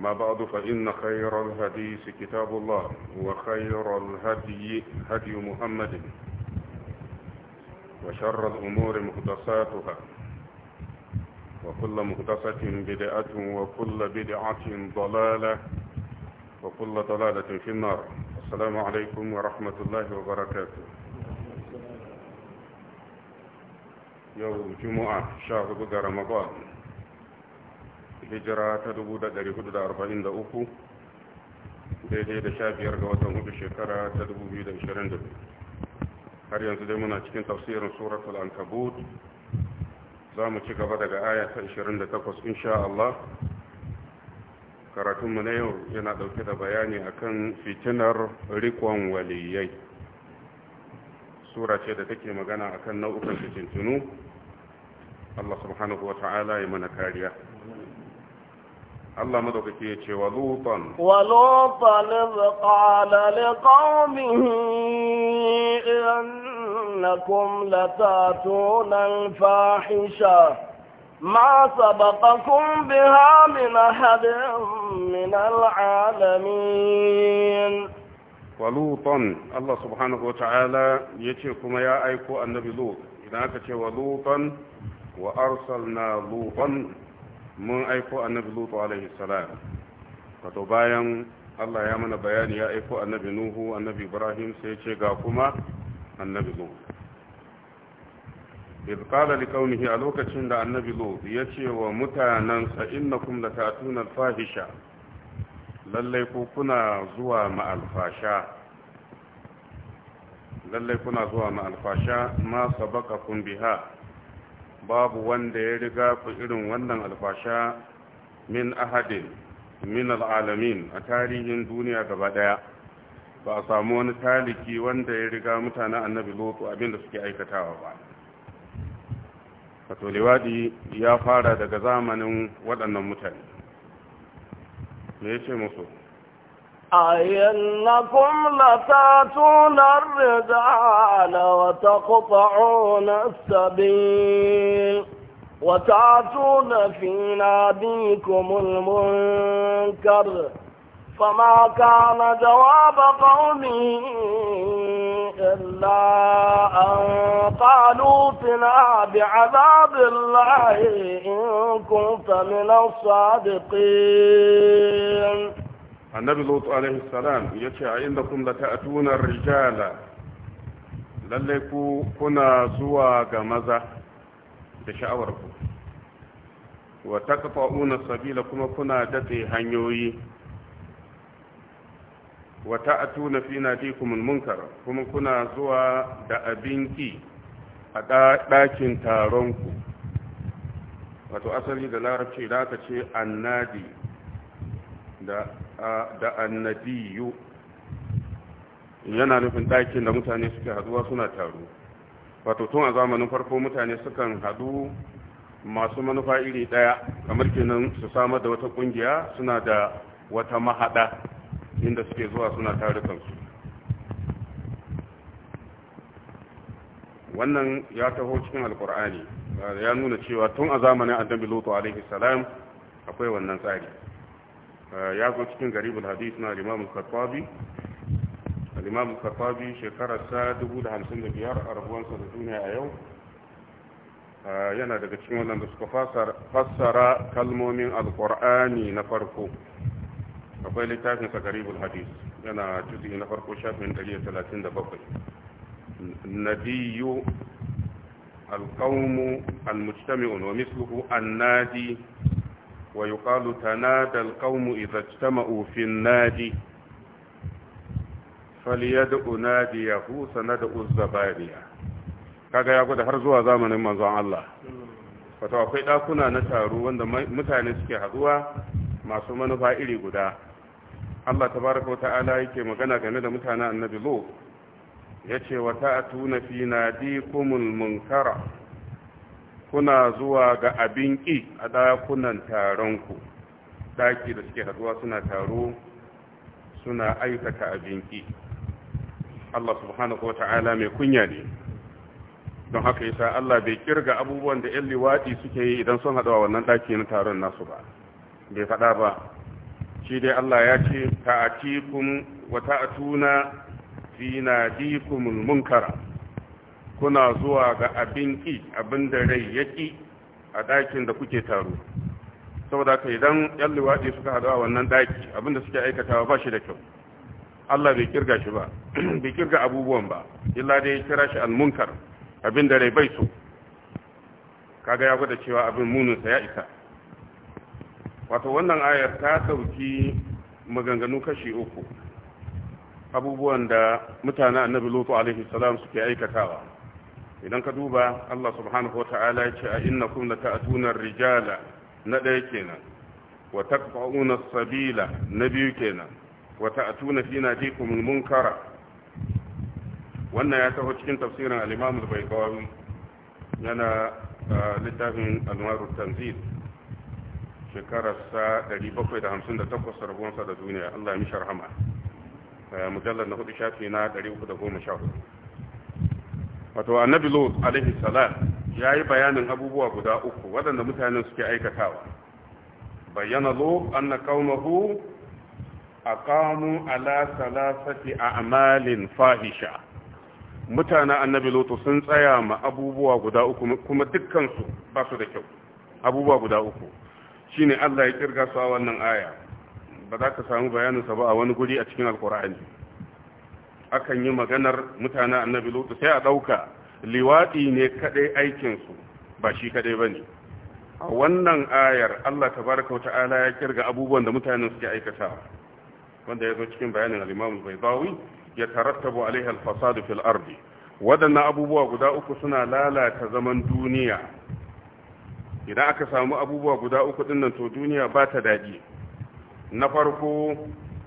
أما بعد فإن خير الحديث كتاب الله وخير الهدي هدي محمد وشر الأمور مقدساتها وكل مقدسة بدعة وكل بدعة ضلالة وكل ضلالة في النار السلام عليكم ورحمة الله وبركاته يوم جمعة شهر رمضان hijira ta 443 daidai da sha biyar ga watan hudu shekara ta 2022 har yanzu dai muna cikin tafsirin suratul ankabut za mu ci gaba daga aya ta 28 insha Allah karatunmu na yau yana ɗauke da bayani akan fitinar rikon waliyai sura ce da take magana akan nau'ukan fitintunu Allah subhanahu wa ta'ala ya mana kariya الله مدوك تيتشي ولوطا ولوطا إذ قال لقومه إنكم لتاتون الفاحشة ما سبقكم بها من أحد من العالمين ولوطا الله سبحانه وتعالى يتيكم يا أيكو النبي لوط إذا كتي ولوطا وأرسلنا لوطا mun aiko annabi lutu alaihi salam wato bayan Allah ya mana bayani ya aiko annabi nuhu annabi ibrahim sai ce ga kuma annabi lutu iz qala liqaumihi a lokacin da annabi Lu ya ce wa mutanansa innakum latatuna alfahisha lallai ku kuna zuwa ma alfasha lallai kuna zuwa ma ma sabaqakum biha babu wanda ya riga ku irin wannan albasha min ahadin min al'alamin a tarihin duniya gaba ɗaya, ba a samu wani taliki wanda ya riga mutanen annabi lotu abinda suke aikatawa ba wato liwadi ya fara daga zamanin waɗannan mutane me ya ce musu أئنكم لتاتون الرجال وتقطعون السبيل وتاتون في ناديكم المنكر فما كان جواب قومه إلا أن قالوا تنا بعذاب الله إن كنت من الصادقين annabi lutu alaihi salam ya ce a inda kun da ta'atunar rijala lalle ku kuna zuwa ga maza da sha'awar ku wa taqta'una sabila kuma kuna datse hanyoyi wa ta'atuna fi nadikum munkar kuma kuna zuwa da abinki a ɗakin taron ku wato asali da larabci da aka ce annadi da da annabiyu yana nufin ɗakin da mutane suke haduwa suna taro wato tun a zamanin farko mutane sukan hadu masu manufa iri ɗaya kamar kenan su samar da wata ƙungiya suna da wata mahaɗa inda suke zuwa suna tare kansu wannan ya taho cikin alkur'ani ya nuna cewa tun a zamanin annabi lutu alaihi salam akwai wannan tsari Eh, ya zo cikin garibul hadis na limamun karfabi limamun karfabi shekararsa 1055 a rabuwansa da duniya a yau eh, yana daga cikin waɗanda suka fassara kalmomin alkur'ani na farko akwai littafinsa sagaribul hadis yana juzi na farko shafin 137 nadiyu alƙaunmu almujtami'un wa misluhu annadi wa yuqalu tanada alqawmu idza ijtama'u fi an-nadi falyad'u nadiyahu kaga ya gwada har zuwa zamanin manzon Allah wato akwai dakuna na taro wanda mutane suke haduwa masu manufa iri guda Allah tabaraka wata'ala yake magana game da mutanen annabi lo yace wa ta'tuna fi nadikumul munkara kuna zuwa ga abin ƙi a ɗakunan ku. ɗaki da suke haduwa suna taro suna aikata abin ƙi Allah subhanahu wa ta'ala mai kunya ne don haka yasa Allah bai kirga abubuwan da ‘yan liwaɗi suke yi idan sun haɗuwa wannan ɗaki na taron nasu ba bai faɗa ba shi dai Allah ya ce ta'atikum wa ta'atuna fi nadikumul munkara kuna zuwa ga abin ki abin da rai ya ki a ɗakin da kuke taro saboda ka idan yan luwaɗi suka haɗu a wannan ɗaki abin da suke aikatawa ba shi da kyau Allah bai kirga shi ba bai kirga abubuwan ba illa dai kira shi almunkar abin da rai bai so kaga ya gwada cewa abin muninsa ya isa wato wannan ayar ta sauki maganganu kashi uku abubuwan da mutane annabi lutu alaihi salam suke aikatawa idan ka duba Allah subhanahu wata'ala ya ce a inna innakum lata'tuna rijala na ɗaya kenan wa taqta'una sabila na biyu kenan wa ta'tuna fi nadikum munkara wannan ya taho cikin tafsirin al bai al yana littafin Al-Maru Tanzil shekararsa 758 rabuwansa da duniya Allah ya mishi rahama mujallar na hudu shafi na 314 wato annabi lut alaihi salam ya yi bayanin abubuwa guda uku waɗanda mutanen suke aikatawa bayyana lut anna qaumahu aqamu ala salasati a'malin fahisha mutanen annabi lut sun tsaya ma abubuwa guda uku kuma dukkan ba su da kyau abubuwa guda uku ne Allah ya kirga su a wannan aya ba za ka samu bayanin sa ba a wani guri a cikin alkur'ani akan yi maganar mutane annabi lutu sai a ɗauka liwaɗi ne kaɗai aikinsu ba shi kaɗai ba ne a wannan ayar allah Ta wa ta'ala ya kirga abubuwan da mutanen suke aikatawa wanda ya zo cikin bayanin al-imam ba ya tarattabu alaihi al-fasad fil ardi waɗannan abubuwa guda uku suna lalata zaman duniya idan aka samu abubuwa guda uku dinnan to duniya ba ta daɗi na farko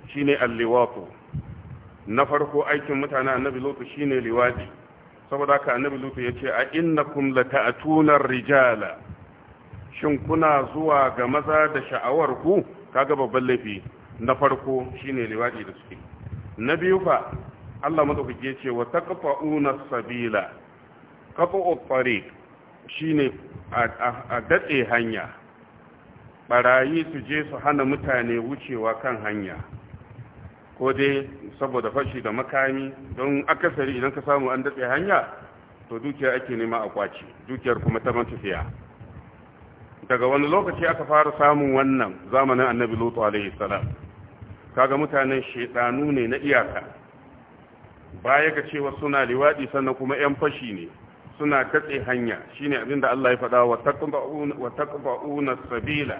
shine al-liwatu na farko aikin mutane annabi lutu shine liwadi saboda haka annabi lutu yace a innakum lata'tuna rijala shin kuna zuwa ga maza da sha'awar ku kaga babban laifi na farko shine liwadi da suke na biyu fa Allah madaukake yace wa taqfa'una sabila qat'u tariq shine a datse hanya barayi su je su hana mutane wucewa kan hanya ko dai saboda fashi da makami don akasari idan ka samu an datse hanya to dukiya ake nema a kwaci dukiyar kuma ta man tafiya daga wani lokaci aka fara samun wannan zamanin annabi lutu alaihi salam kaga mutanen shedanu ne na iyaka baya ga cewa suna liwadi sannan kuma yan fashi ne suna katse hanya shine abin da Allah ya faɗa wa taqba'una wa taqba'una sabila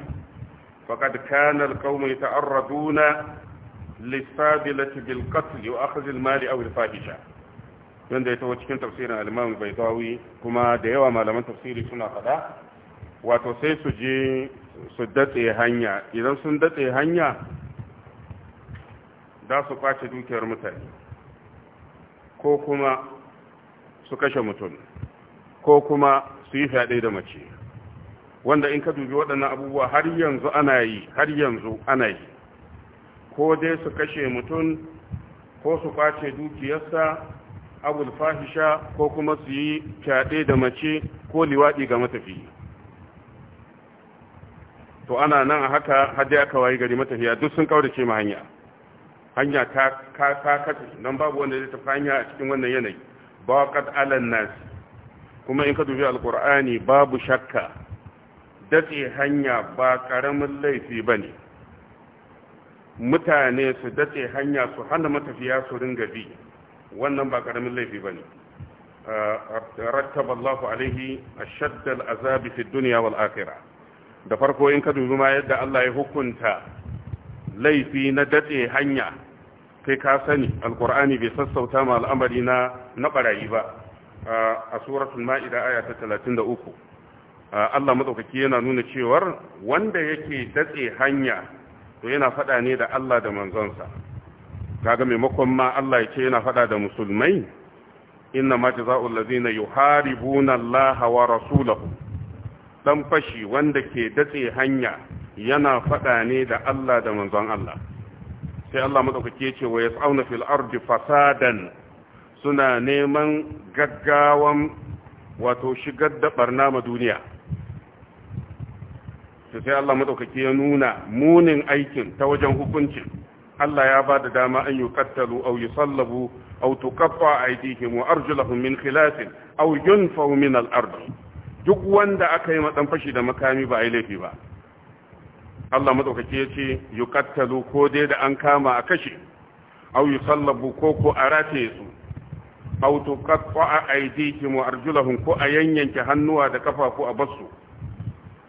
faqad kana alqawmu yata'arraduna lissabilati bil qatl wa akhdh al mali aw al fahisha wanda ya taho cikin tafsirin al-Imam Baydawi kuma da yawa malaman tafsiri suna fada wato sai su je su datse hanya idan sun datse hanya za su kwace dukiyar mutane ko kuma su kashe mutum ko kuma su yi fyaɗe da mace wanda in ka dubi waɗannan abubuwa har yanzu ana yi har yanzu ana yi ko dai su kashe mutum ko su kwace dukiyarsa abul fahisha ko kuma su yi fyaɗe da mace ko liwaɗi ga matafi to ana nan a haka hajji aka wayi gari matafiya duk sun kaurace ma hanya hanya ta katse nan babu wanda zai tafi hanya a cikin wannan yanayi ba kad alan nasi kuma in ka dubi alkur'ani babu shakka datse hanya ba ƙaramin laifi ba ne. mutane su dace hanya su hana matafiya su ringa bi wannan ba karamin laifi bane ah, rattaba Allahu alaihi ashadd al-azabi fi dunya wal akhirah da farko in ka dubi ma yadda Allah ya hukunta laifi na dace hanya kai ka sani alqur'ani bai sassauta ma al'amari na na barayi ba ah, a suratul ma'ida aya ta 33 ah, Allah madaukaki yana nuna cewar wanda yake datse hanya to yana faɗa ne da Allah da manzonsa kaga maimakon ma Allah ya ce yana faɗa da musulmai inna ma jazaa'u allazina yuharibuna Allah wa rasulahu dan fashi wanda ke datse hanya yana faɗa ne da Allah da manzon Allah sai Allah madaukake ce wa yas'auna fil ardi fasadan suna neman gaggawan wato shigar da barna ma duniya to sai Allah madaukaki ya nuna munin aikin ta wajen hukuncin Allah ya ba da dama an yi kattalu au yi sallabu au tukaffa a aidihim wa arjulahum min khilafin au yunfaw min al-ard duk wanda aka yi madan fashi da makami ba ai laifi ba Allah madaukaki ya ce yi kattalu ko dai da an kama a kashe au yi sallabu ko ko a rataye su au tukaffa a aidihim wa arjulahum ko a yanyanke hannuwa da kafafu a basu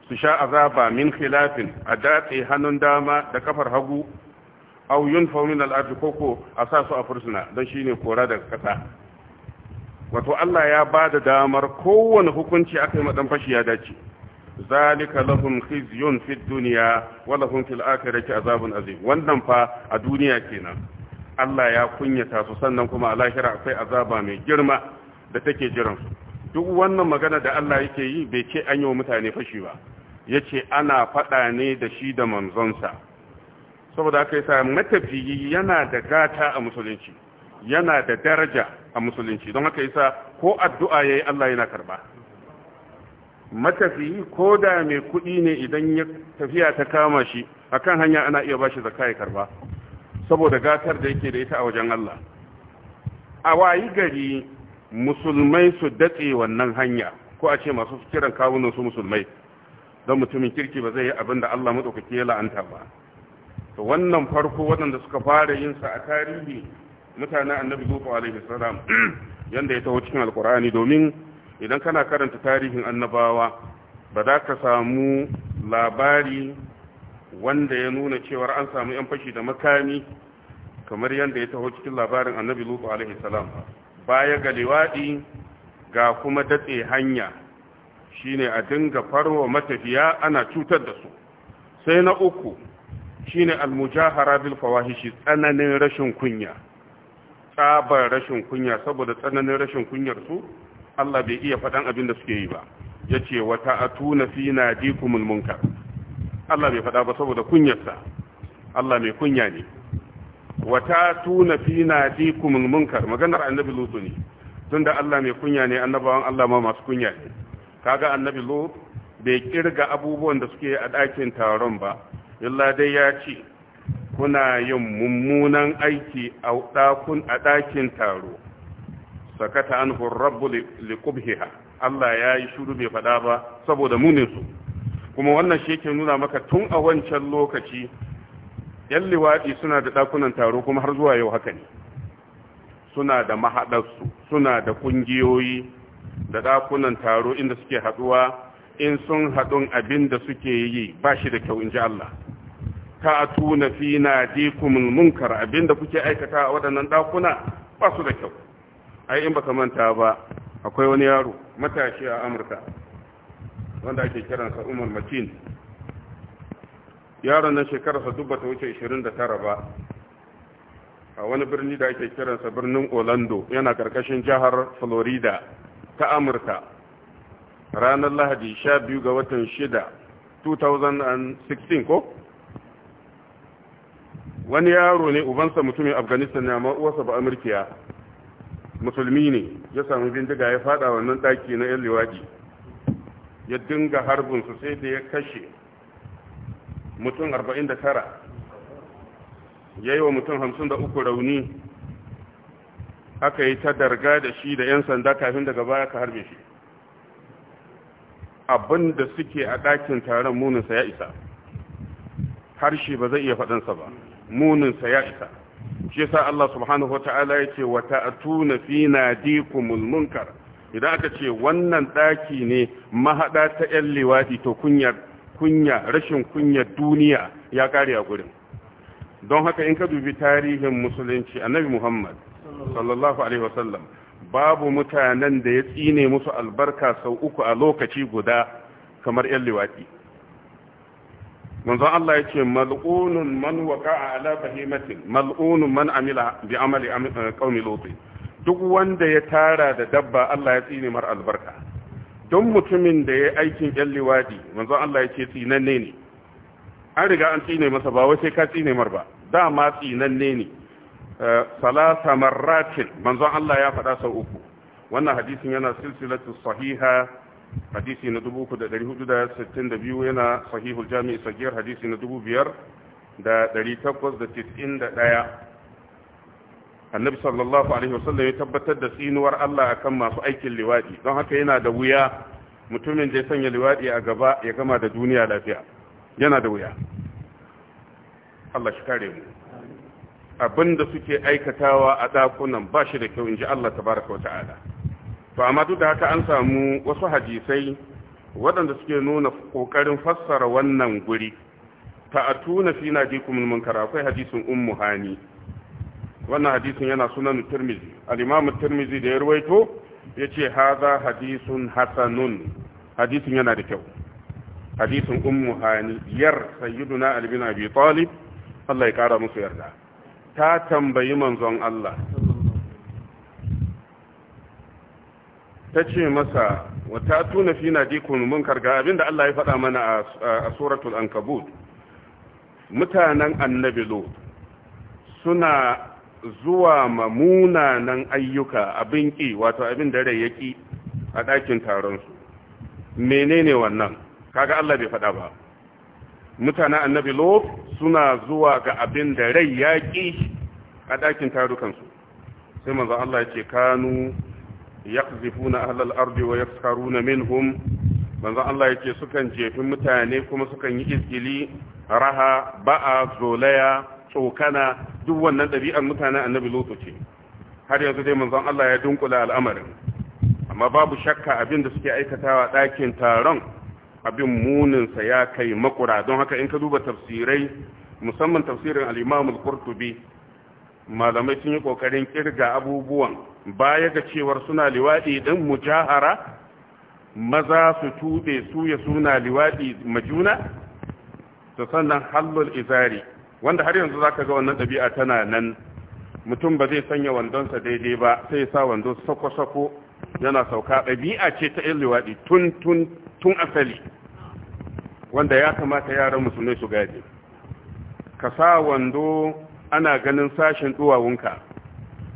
su sha azaba min khilafin a datse hannun dama da kafar hagu aw yunfaw faunin al'adu koko a sa su a fursuna don shine kora daga kasa wato Allah ya ba da damar kowane hukunci aka yi madan fashi ya dace zalika lahum khizyun fid dunya wa lahum fil akhirati azabun azim wannan fa a duniya kenan Allah ya kunyata su sannan kuma a lahira akwai azaba mai girma da take jiran su duk wannan magana da Allah yake yi bai ce an yi wa mutane fashi ba ya ce ana faɗa ne da shi da manzonsa saboda aka yi sa matafiyi yana da gata a musulunci yana da daraja a musulunci don haka yi sa ko addu'a ya yi Allah yana karba matafiyi ko da mai kuɗi ne idan ya tafiya ta kama shi akan hanya ana iya ba shi zaka ya karba saboda gatar da yake da ita a wajen Allah a wayi gari musulmai su datse wannan hanya ko a ce masu kiran kawunan su musulmai don mutumin kirki ba zai yi abin da Allah maɗaukaki ya la'anta ba to wannan farko waɗanda suka fara yin sa a tarihi mutane annabi zuwa alaihi salam yanda ya taho cikin alkur'ani domin idan kana karanta tarihin annabawa ba za ka samu labari wanda ya nuna cewar an samu yan fashi da makami kamar yadda ya taho cikin labarin annabi lutu alaihi salam ba baya ga liwaɗi ga kuma datse hanya shine a dinga farwa matafiya ana cutar da su sai na uku shine almujahara bil fawahishi tsananin rashin kunya tsabar rashin kunya saboda tsananin rashin kunyar su Allah bai iya faɗan abin da suke yi ba ya ce wata atuna fi nadikumul munkar Allah bai faɗa ba saboda kunyarsa Allah mai kunya ne wa ta tuna fi nadikum munkar maganar annabi lutu ne tunda Allah mai kunya ne annabawan Allah ma masu kunya ne kaga annabi lutu bai kirga abubuwan da suke a ɗakin taron ba illa dai ya ce kuna yin mummunan aiki a a ɗakin taro sakata an rabbu liqubhiha Allah ya yi shuru bai faɗa ba saboda munin su kuma wannan shi yake nuna maka tun a wancan lokaci yan liwaɗi suna da ɗakunan taro kuma har zuwa yau haka ne suna da mahaɗarsu suna da ƙungiyoyi da ɗakunan taro inda suke haɗuwa in sun haɗun abin da suke yi ba shi da kyau in ji Allah ta tuna fi na munkar abin da kuke aikata a waɗannan ɗakuna ba su da kyau ai in baka manta ba akwai wani yaro matashi a amurka wanda ake kiransa umar matin yaron nan shekararsa duk bata wuce 29 ba a wani birni da ake kiransa birnin orlando yana karkashin jihar florida ta amurka ranar lahadi 12 ga watan 6 2016 ko wani yaro ne ubansa mutumin afghanistan ya uwarsa ba amurkiya musulmi ne ya sami bindiga ya fada wannan daki na yan liwadi ya dinga harbinsu sai da ya kashe mutum 49 ya yi wa mutum 53 rauni aka yi ta darga da shi da 'yan sanda kafin daga baya ka harbe shi abin suke a ɗakin taron muninsa ya isa harshe ba zai iya faɗansa ba muninsa ya isa shi yasa Allah subhanahu ta'ala ya ce wa tuna fi nadikumul munkar idan aka ce wannan ɗaki ne mahaɗa ta 'yan liwadi to kunyar kunya rashin kunya duniya ya kare a gurin don haka in ka dubi tarihin musulunci annabi muhammad sallallahu alaihi wasallam babu mutanen da ya tsine musu albarka sau uku a lokaci guda kamar yan liwaki manzon Allah ya ce mal'unun man waqa'a ala bahimatin mal'unun man amila bi amali eh, qaumi lut duk wanda ya tara da dabba Allah ya tsine mar albarka don mutumin da ya aikin yan liwadi manzon Allah ya ce tsinanne ne an riga an tsine masa ba wai sai ka tsine mar ba dama tsinanne ne eh, salasa marratin manzon Allah ya faɗa sau uku wannan hadisin yana silsilatu sahiha hadisi na 3462 yana sahihul jami'i sagir hadisi na 5891 annabi sallallahu alaihi wasallam ya tabbatar da tsinuwar Allah akan masu aikin liwadi don haka yana da wuya mutumin da ya sanya liwadi a gaba ya gama da duniya lafiya yana da wuya Allah shi kare mu abinda suke aikatawa a dakunan ba shi da kyau inji Allah tabaraka wa ta'ala to amma duk da haka an samu wasu hadisai waɗanda suke nuna ƙoƙarin fassara wannan guri ta'atuna fi nadikumul munkar akwai hadisin ummu hani wannan hadisin yana sunan turmizi al turmizi da ya ruwaito yace haza hadisun hasanun hadisin yana da kyau hadisin ummu hani yar sayyiduna ali bin abi talib Allah ya kara musu yarda ta tambayi manzon Allah ta ce masa wata tuna fi dikun mun karga abinda Allah ya faɗa mana a suratul ankabut mutanen annabi suna zuwa ma munanan ayyuka abin ƙi wato abin da rai yaki a ɗakin taronsu menene wannan kaga Allah bai faɗa ba mutanen annabi lo suna zuwa ga abin da rai yaƙi a ɗakin tarukansu sai manzo Allah ya ce kanu yaqzifuna ahlal ardi wa yaskharuna minhum manzo Allah ya ce sukan jefi mutane kuma sukan yi izgili raha ba'a zolaya tsokana duk wannan ɗabi'ar mutanen annabi lutu ce har yanzu dai manzon Allah ya dunkula al'amarin amma babu shakka abin da suke aikatawa ɗakin taron abin muninsa ya kai makura don haka in ka duba tafsirai musamman tafsirin al-imam al malamai sun yi kokarin ƙirga abubuwan baya ga cewar suna liwaɗi ɗin mujahara maza su tuɗe su ya suna liwaɗi majuna da sannan hallul izari wanda har yanzu zaka ga wannan ɗabi'a tana nan mutum ba zai sanya wandonsa daidai ba sai ya sa wando sako-sako yana sauka ɗabi'a ce ta yin liwaɗi tun asali wanda ya kamata yaran musulmai su gaje ka sa wando ana ganin sashen duwawunka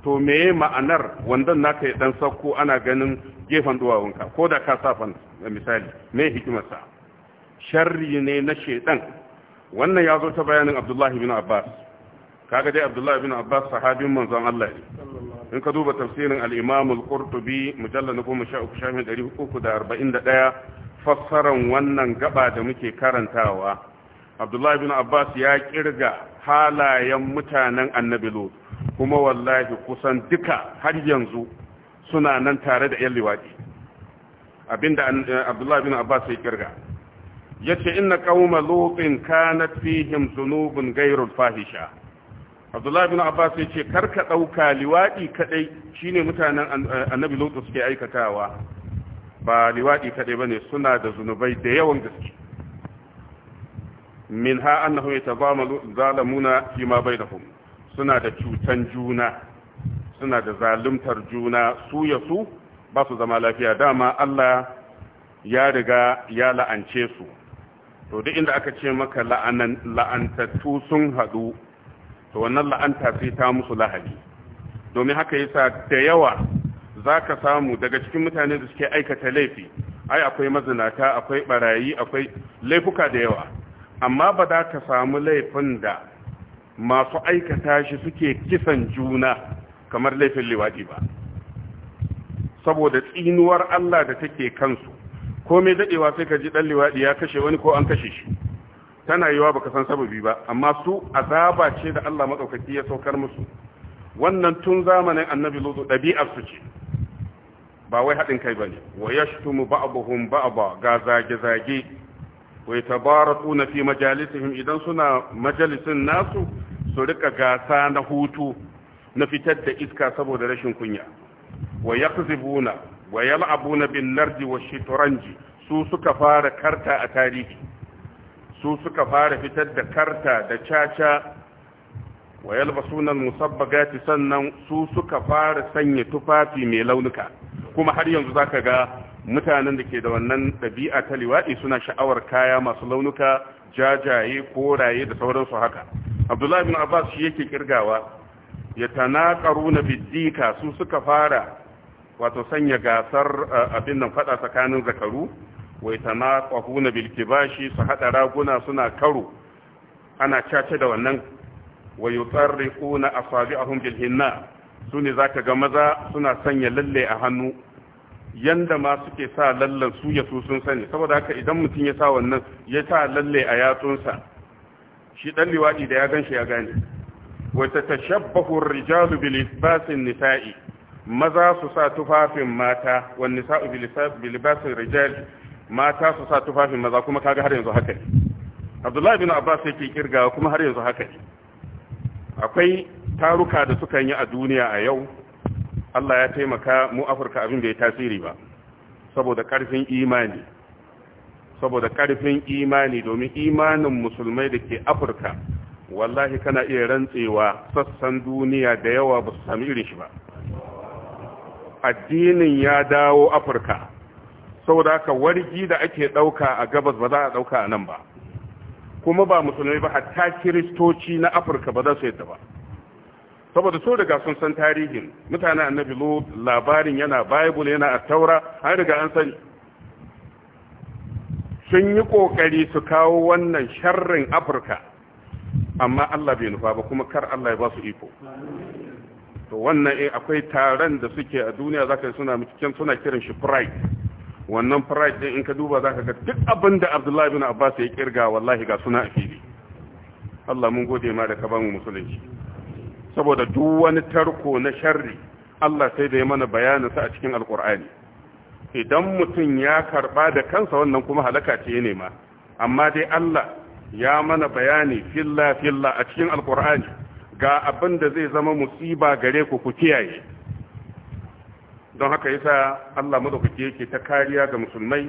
to ya ma'anar wandon naka ya ɗan sauko ana ganin gefen duwawunka ko da ka sa fan misali me hikimarsa sharri ne na shedan wannan ya zo ta bayanin abdullahi bin abbas kaga dai abdullahi bin abbas sahabin manzon Allah ne in ka duba tafsirin al-imam al-qurtubi mujallal na goma sha uku shafin ɗari uku da arba'in da ɗaya fassaran wannan gaba da muke karantawa abdullahi bin abbas ya kirga halayen mutanen annabi lut kuma wallahi kusan duka har yanzu suna nan tare da yan liwaɗi abinda abdullahi bin abbas ya kirga yace inna qauma lutin kanat fihim dhunubun ghayru fahisha Abdullahi ibn Abbas yace karka dauka liwaɗi kaɗai shine mutanen eh, Annabi Lutu suke aikatawa ba liwadi kadai bane suna da zunubai da yawan gaske Min minha annahu yatazamalu zalamuna ma bainahum suna da cutan juna suna da zaluntar juna su ya su ba su zama lafiya dama Allah ya riga ya la'ance su to duk inda aka ce maka la'antattu sun haɗu to wannan la'anta sai ta musu lahadi domin haka yasa da yawa za ka samu daga cikin mutane da suke aikata laifi ai akwai mazinata akwai barayi akwai laifuka da yawa amma ba za ka samu laifin da masu aikata shi suke kisan juna kamar laifin liwaɗi ba saboda tsinuwar Allah da take kansu komai dadewa sai ka ji dan liwadi ya kashe wani ko an kashe shi tana yiwa baka san sababi ba amma su azaba ce da Allah madaukaki ya saukar musu wannan tun zamanin annabi lutu dabi'ar su ce ba wai hadin kai bane wa yashtumu ba'dhum ba'dha ga zage zage wa yatabaratuna fi majalisihim idan suna majalisin nasu su rika gasa na hutu na fitar da iska saboda rashin kunya wa yaqzibuna wa na bin Lardi wa shitranji su suka fara karta a tarihi su suka fara fitar da karta da caca wa yalbasuna musabbagati sannan su suka fara sanya tufafi mai launuka kuma har yanzu zaka ga mutanen da ke da wannan ɗabi'a ta liwaɗi suna sha'awar kaya masu launuka jajaye koraye da sauransu haka abdullahi bin abbas shi yake kirgawa ya tanaqaruna biddika su suka fara wato sanya gasar eh, abin nan fada tsakanin zakaru wai tanaqahuna bil kibashi su hada raguna suna karo ana cace da wannan wa yutarriquna asabi'ahum bil hinna sune zaka ga maza suna sanya lalle a hannu yanda ma suke sa lallan su ya sun sani saboda haka idan mutum ya sa wannan ya sa lalle a yatsunsa shi dan liwadi da ya ganshi ya gane wa tatashabbahu ar-rijalu bil isbasin nisa'i maza su sa tufafin mata wani nisa'u rijal mata su sa tufafin maza kuma kaga har yanzu haka Abdullahi bin Abbas yake kirgawa kuma har yanzu haka akwai taruka da suka yi a duniya a yau Allah ya taimaka mu Afirka abin da ya tasiri ba saboda karfin imani saboda karfin imani domin imanin musulmai da ke Afirka wallahi kana iya rantsewa sassan duniya da yawa ba su sami irin shi ba addinin ya dawo afirka saboda haka wargi da ake ɗauka a gabas ba za a ɗauka a nan ba kuma ba musulmi ba hatta kiristoci na afirka ba za su yadda ba saboda so daga sun san tarihin mutanen annabi lu labarin yana bible yana a taura an riga an sani sun yi kokari su kawo wannan sharrin afirka amma allah bai nufa ba kuma kar allah ya ba su iko to wannan eh akwai taron da suke a duniya zaka suna cikin suna kiran shi pride wannan pride din in ka duba zaka ga duk abin da Abdullahi bin Abbas ya kirga wallahi ga suna a fili Allah mun gode ma da ka bamu musulunci saboda duk wani tarko na sharri Allah sai da ya mana bayanin sa a cikin alkur'ani idan mutum ya karba da kansa wannan kuma halaka ce ya nema amma dai Allah ya mana bayani filla filla a cikin alkur'ani ga abin da zai zama musiba gare ku ku kiyaye don haka yasa Allah madaukake yake ta kariya ga musulmai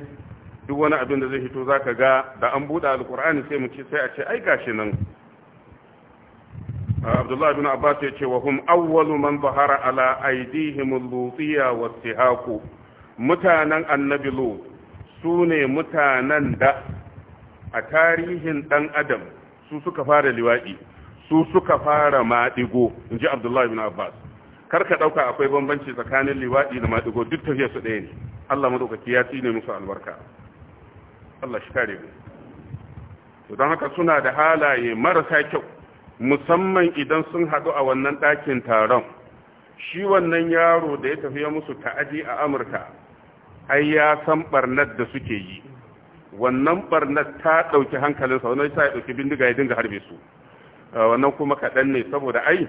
duk wani abin da zai fito zaka ga da an buɗe alkur'ani sai mu ce sai a ce ai gashi nan Abdullah ibn Abbas ya ce wa hum awwalu man zahara ala aydihim al-lutiya was-sihaqu mutanen annabi lut sune mutanen da a tarihin dan adam su suka fara liwaɗi su suka fara maɗigo in ji abdullahi bin abbas kar ka ɗauka akwai bambanci tsakanin liwaɗi da maɗigo duk tafiya su ɗaya ne allah maɗaukaki ya tsine musu albarka allah shi kare mu to don haka suna da halaye marasa kyau musamman idan sun haɗu a wannan ɗakin taron shi wannan yaro da ya tafiya ya musu ta'aji a amurka ai ya san ɓarnar da suke yi wannan ɓarnar ta ɗauki hankalinsa wani sa ya ɗauki bindiga ya dinga harbe su Eh, wannan kuma kaɗan ne saboda ai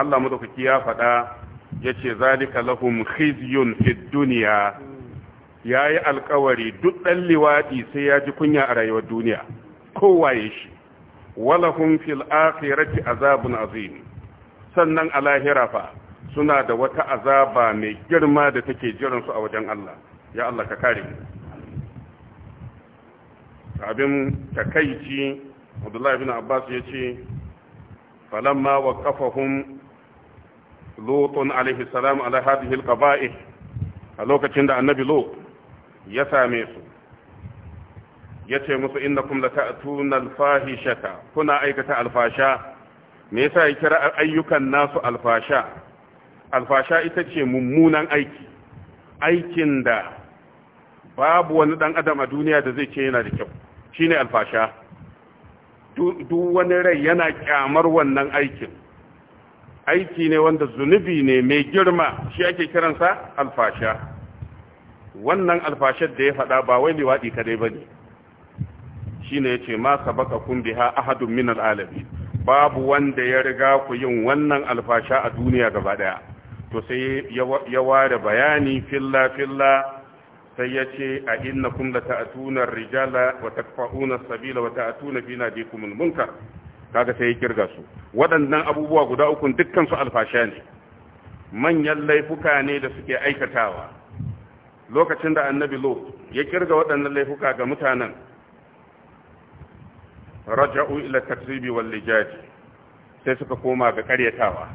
Allah mazaukaki ya faɗa ya ce zalika lahum khizyun fid duniya ya yi alkawari duk ɗan liwaɗi sai ya ji kunya a rayuwar duniya ya shi walahum fil akhirati azabun azim sannan a lahira fa suna da wata azaba mai girma da take jiran su a wajen Allah ya Allah ka kare mu abin takaici Abdullahi ibn Abbas yace فلما وقفهم لوط عليه السلام على a lokacin da دا النبي لوط يسامي سو yace musu innakum lata'tuna al-fahishata kuna aikata alfasha me yasa ya kira ayyukan nasu alfasha alfasha ita ce mummunan aiki aikin da babu wani ɗan adam a duniya da zai ce yana da kyau shine alfasha duk wani rai yana kyamar wannan aikin aiki ne wanda zunubi ne mai girma shi ake kiransa alfasha wannan alfashar da ya faɗa ba wai liwaɗi kadai ba ne shi ne ya ce ma sabaka kun biha ahadun min al'alabi babu wanda ya riga ku yin wannan alfasha a duniya gaba ɗaya to sai ya ware bayani filla-filla sai ya ce a inna kum la ta'tuna rijala wa takfa'una sabila wa ta'tuna fi nadikum al-munkar kaga sai ya kirga su waɗannan abubuwa guda uku dukkan su alfasha ne manyan laifuka ne da suke aikatawa lokacin da annabi lo ya kirga waɗannan laifuka ga mutanen raja'u ila takzibi wal lijaj sai suka koma ga karyatawa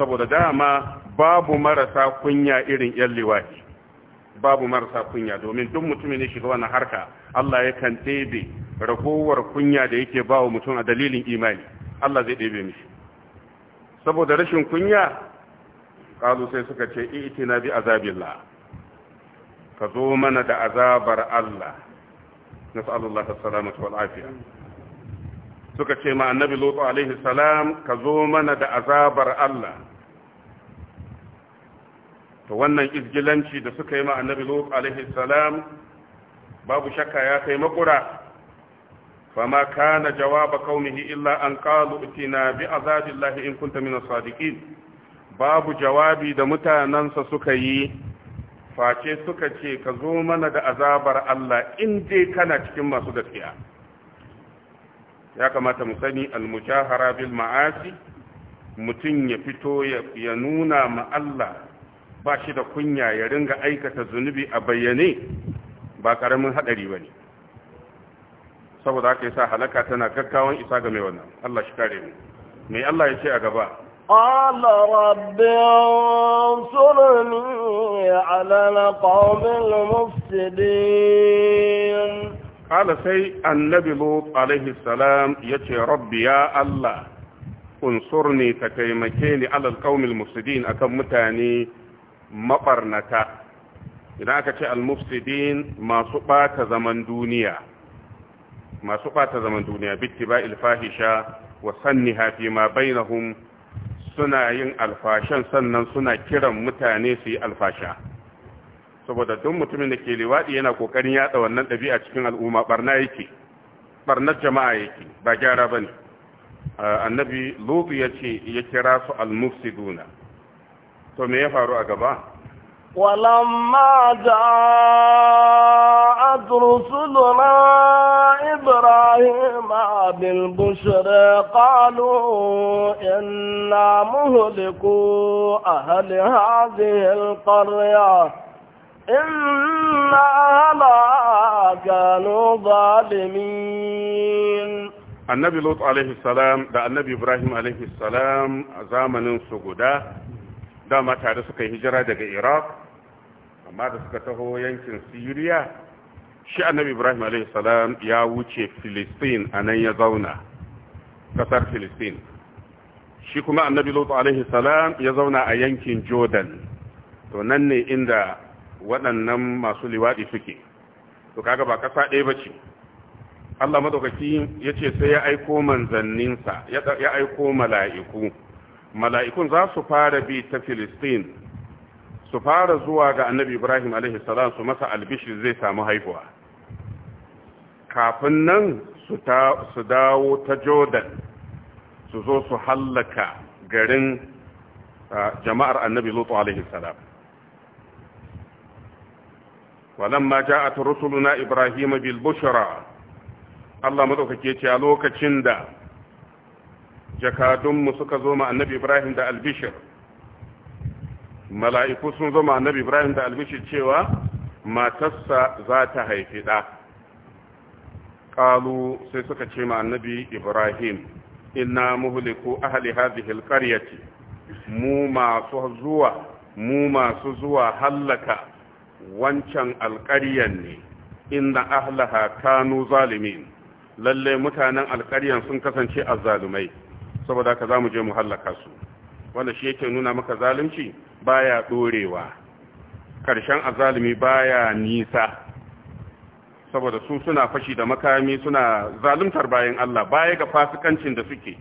saboda dama babu marasa kunya irin yan liwaji babu marasa kunya domin duk mutumin ne shiga wannan harka Allah ya kan ɗebe ragowar kunya da yake ba wa mutum a dalilin imani Allah zai ɗebe mishi saboda rashin kunya ƙalu sai suka ce na bi azabillah ka zo mana da azabar Allah na sa'alullah ta salama ta afiya suka ce ma annabi lotu alaihi salam ka zo mana da azabar Allah to wannan izgilanci da suka yi ma annabi lut alaihi salam babu shakka ya kai makura fama kana jawaba qaumihi illa an qalu utina bi azabillahi in kunta min as-sadiqin babu jawabi da mutanansa suka yi face suka ce ka zo mana da azabar Allah in dai kana cikin masu gaskiya ya kamata mu sani al-mujahara bil ma'asi mutum ya fito ya nuna ma Allah ba shi da kunya ya ringa aikata zunubi a bayyane ba karamin haɗari ba ne saboda aka sa halaka tana kakkawon isa ga mai wannan Allah shi kare mu mai Allah ya ce a gaba ala rabbi ansurni ala qaumil mufsidin qala sai annabi lut alaihi salam yace rabbi ya Allah unsurni ta taimake ni ala qaumil mufsidin akan mutane maɓarnata idan aka ce al-mufsidin masu ɓata zaman duniya masu ɓata zaman duniya ba ilfahisha wa sanni hafi ma bainahum suna yin alfashan sannan suna kiran mutane su yi alfasha saboda duk mutumin da ke liwaɗi yana ƙoƙarin yaɗa wannan ɗabi'a cikin al'umma barna yake barnar jama'a yake ba gyara ba ne annabi lutu ya ce ya kira su al-mufsiduna to me ya faru a gaba ولما جاءت رسلنا إبراهيم بالبشرى قالوا إنا مهلكوا أهل هذه القرية إن أهلها كانوا ظالمين النبي لوط عليه السلام ده النبي إبراهيم عليه السلام زامن سجدا dama tare suka yi hijira daga iraq amma da suka taho yankin Syria, shi annabi ibrahim a.s. ya wuce filistin a nan ya zauna kasar filistin shi kuma annabi lutu a.s. ya zauna a yankin jordan to nan ne inda waɗannan masu liwaɗi suke to kaga ba kasa ɗaya ba ce allah madaukaki ya ce sai ya aiko manzanninsa ya aiko mala'iku mala'ikun za su fara bi ta filistin su fara zuwa ga annabi ibrahim alaihissalam su masa albishir zai samu haihuwa kafin nan su dawo ta jordan su zo su hallaka garin jama'ar annabi lutu alaihissalam walamma ja'at rusuluna ibrahima bil bushra Allah madaukake ce a lokacin da jakadunmu suka zo ma ibrahim da albishir mala'iku sun zo ma annabi ibrahim da albishir cewa matarsa za ta haifi ɗa ƙalu sai suka ce ma annabi ibrahim inna muhliku ahli hadhihi alqaryati mu masu zuwa mu masu zuwa hallaka wancan alƙaryan ne inna ahlaha kanu zalimin lalle mutanen alƙaryan sun kasance azzalumai saboda haka za mu je mu hallaka su wanda shi yake nuna maka zalunci baya dorewa karshen azalimi baya nisa saboda su suna fashi da makami suna zaluntar bayan Allah baya ga fasikancin da suke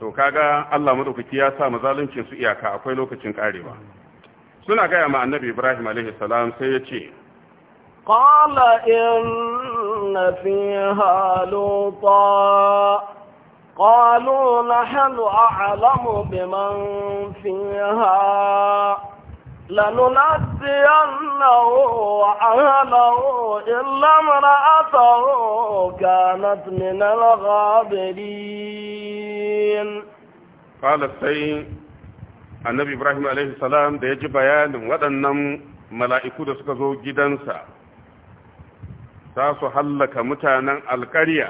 to kaga Allah madaukaki ya sa mazaluncin su iyaka akwai lokacin karewa suna gaya ma annabi Ibrahim alaihi salam sai ya ce qala inna fiha lutaa قالوا نحن أعلم بمن فيها لننزينه وأهله إلا امرأته كانت من الغابرين قال السيد annabi ibrahim alaihi da ya ji bayanin waɗannan mala'iku da suka zo gidansa za su hallaka mutanen alkariya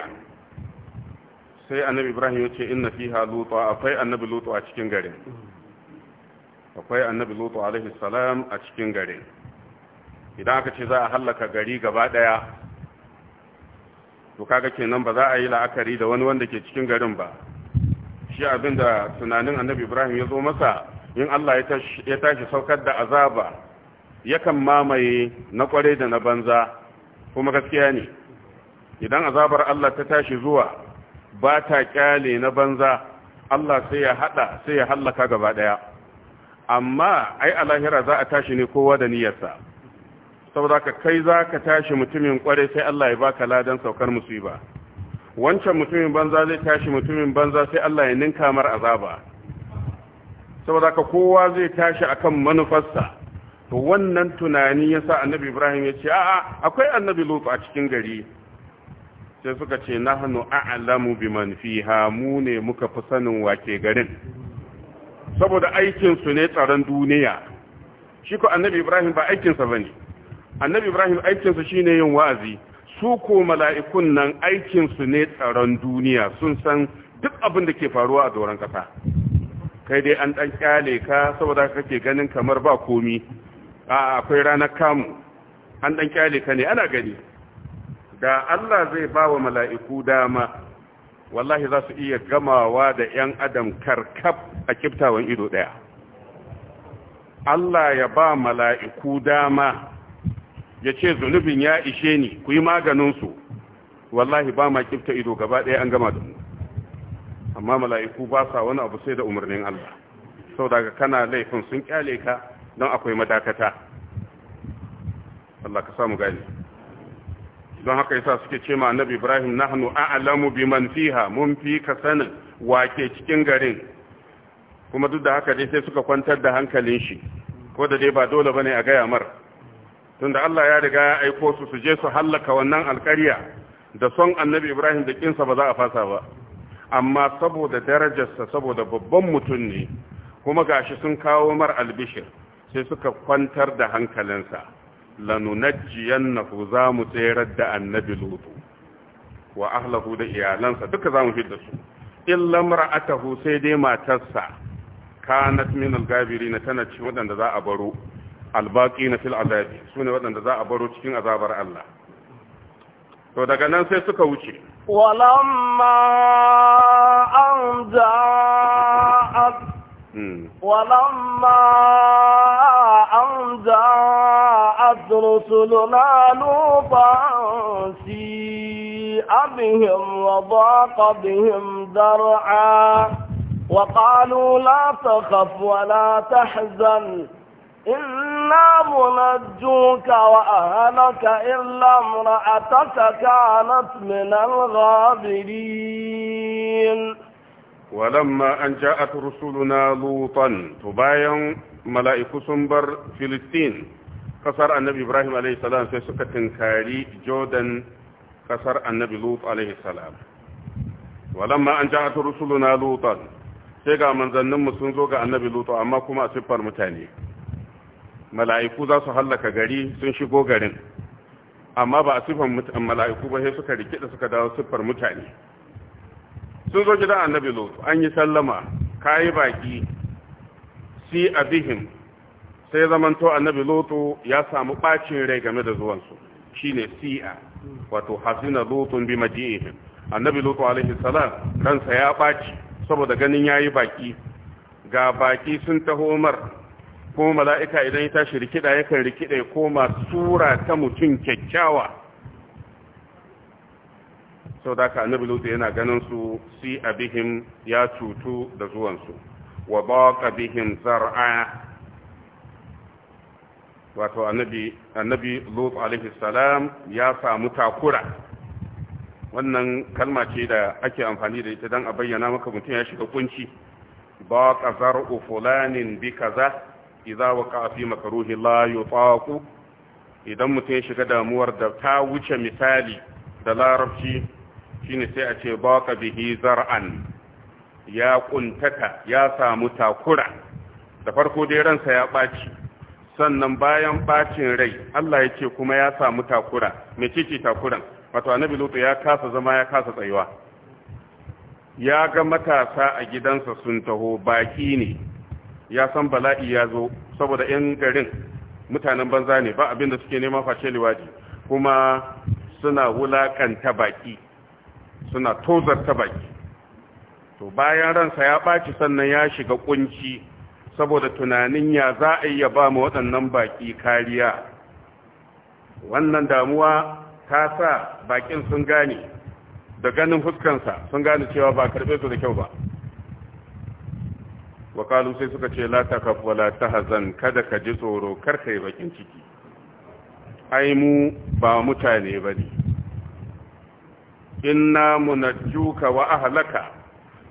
sai annabi ibrahim ya ce inna fiha lutu akwai annabi lutu a cikin garin akwai annabi lutu alaihi salam a cikin garin idan aka ce za a hallaka gari gaba daya to kaga kenan ba za a yi la'akari da wani wanda ke cikin garin ba shi abinda tunanin annabi ibrahim ya zo masa in allah ya tashi saukar da azaba yakan mamaye na kware da na banza kuma gaskiya ne idan azabar allah ta tashi zuwa ba ta kyale na banza Allah sai ya hada sai ya hallaka gaba daya amma ai a lahira za a tashi ne kowa da niyyarsa saboda ka kai za ka tashi mutumin kware sai Allah ya baka ladan saukar musiba wancan mutumin banza zai tashi mutumin banza sai Allah ya ninka mar azaba saboda ka kowa zai tashi akan manufarsa to wannan tunani yasa annabi Ibrahim ya ce a'a akwai annabi Lut a cikin gari sai suka ce na nahnu a'lamu biman fiha mu ne muka fi sanin wake garin saboda aikin su ne tsaron duniya shi ko annabi ibrahim ba aikin sa bane annabi ibrahim aikin sa shine yin wa'azi su ko mala'ikun nan aikin su ne tsaron duniya sun san duk abin da ke faruwa a doron kasa kai dai an dan kyale ka saboda kake ganin kamar ba komi a akwai ranar kamu an dan kyale ka ne ana gani da Allah zai ba wa mala'iku dama wallahi za su iya gamawa da ‘yan adam karkab a kiftawan ido ɗaya Allah ya ba mala'iku dama ya ce zunubin ya ishe ni ku yi maganinsu wallahi ba ma kifta ido gaba ɗaya an gama da mu amma mala'iku ba sa wani abu sai da umarnin Allah sau daga kana laifin sun kyale ka don akwai madakata Allah ka samu gani don haka yasa suke ce ma annabi ibrahim nahnu a'lamu biman fiha mun fi ka sanin wake cikin garin kuma duk da haka dai sai suka kwantar da hankalin shi ko da dai ba dole bane a gaya mar tunda Allah ya riga ya aiko su su je su hallaka wannan alƙarya da son annabi ibrahim da kinsa ba za a fasa ba amma saboda darajarsa saboda babban mutum ne kuma gashi sun kawo mar albishir sai suka kwantar da hankalinsa lanunajjiyannahu za mu tserar da annabi lutu wa ahlahu da iyalansa duka za mu da su illa mar'atahu sai dai matarsa kanat min al na tana ci waɗanda za a baro albaki na fil azabi sune waɗanda za a baro cikin azabar Allah to daga nan sai suka wuce walamma an ولما أن جاءت رسلنا لوطا سيء بهم وضاق بهم ذرعا وقالوا لا تخف ولا تحزن إنا منجوك وأهلك إلا امرأتك كانت من الغابرين walamma an ja'at rusuluna lutan to bayan mala'iku sun bar filistin kasar annabi ibrahim alaihi salam sai suka tinkari jordan kasar annabi lut alaihi salam walamma an ja'at rusuluna lutan sai ga manzanninmu sun zo ga annabi lut amma kuma a siffar mutane mala'iku za su hallaka gari sun shigo garin amma ba a siffar mala'iku ba sai suka rikida suka dawo siffar mutane sun zo gidan annabi lot an yi sallama kayi baki si abihim sai zamanto annabi lotu ya samu bacin rai game da zuwansu shine si'a wato hasina lotun bi a annabi lotu alaihi salam ransa ya baci saboda ganin yayi baki ga baki sun taho mar kuma mala'ika idan ya tashi rikida yakan rikida ya koma sura ta mutum kyakkyawa sau da ka annabi lutu yana ganin su si abihim ya cutu da zuwansu wa ka bihim zar'a wato annabi annabi lutu alaihi salam ya samu takura wannan kalma ce da ake amfani da ita don a bayyana maka mutum ya shiga kunci baka zar'u fulanin bi kaza idza waqa fi makruhi la yutaqu idan mutum ya shiga damuwar da ta wuce misali da larabci shine sai a ce baka bihi zar'an ya kuntata ya samu takura da farko dai ransa ya ɓaci sannan bayan bacin rai Allah ya ce kuma ya samu takura mai cece takuran wato annabi lutu ya kasa zama ya kasa tsayuwa ya ga matasa a gidansa sun taho baki ne ya san bala'i ya zo saboda 'yan garin mutanen banza ne ba abinda suke neman face liwaji kuma suna wulakanta baki suna tozarta baki to bayan ransa ya ɓaci sannan ya shiga kunci saboda tunanin ya za a iya ba mu waɗannan baki kariya wannan damuwa ta sa bakin sun gane da ganin fuskansa sun gane cewa ba karɓe su da kyau ba wakalu sai suka ce la takaf wala hazan, kada ka ji tsoro kar yi bakin ciki ai mu ba mutane ba ne. inna munajjuka wa ahlaka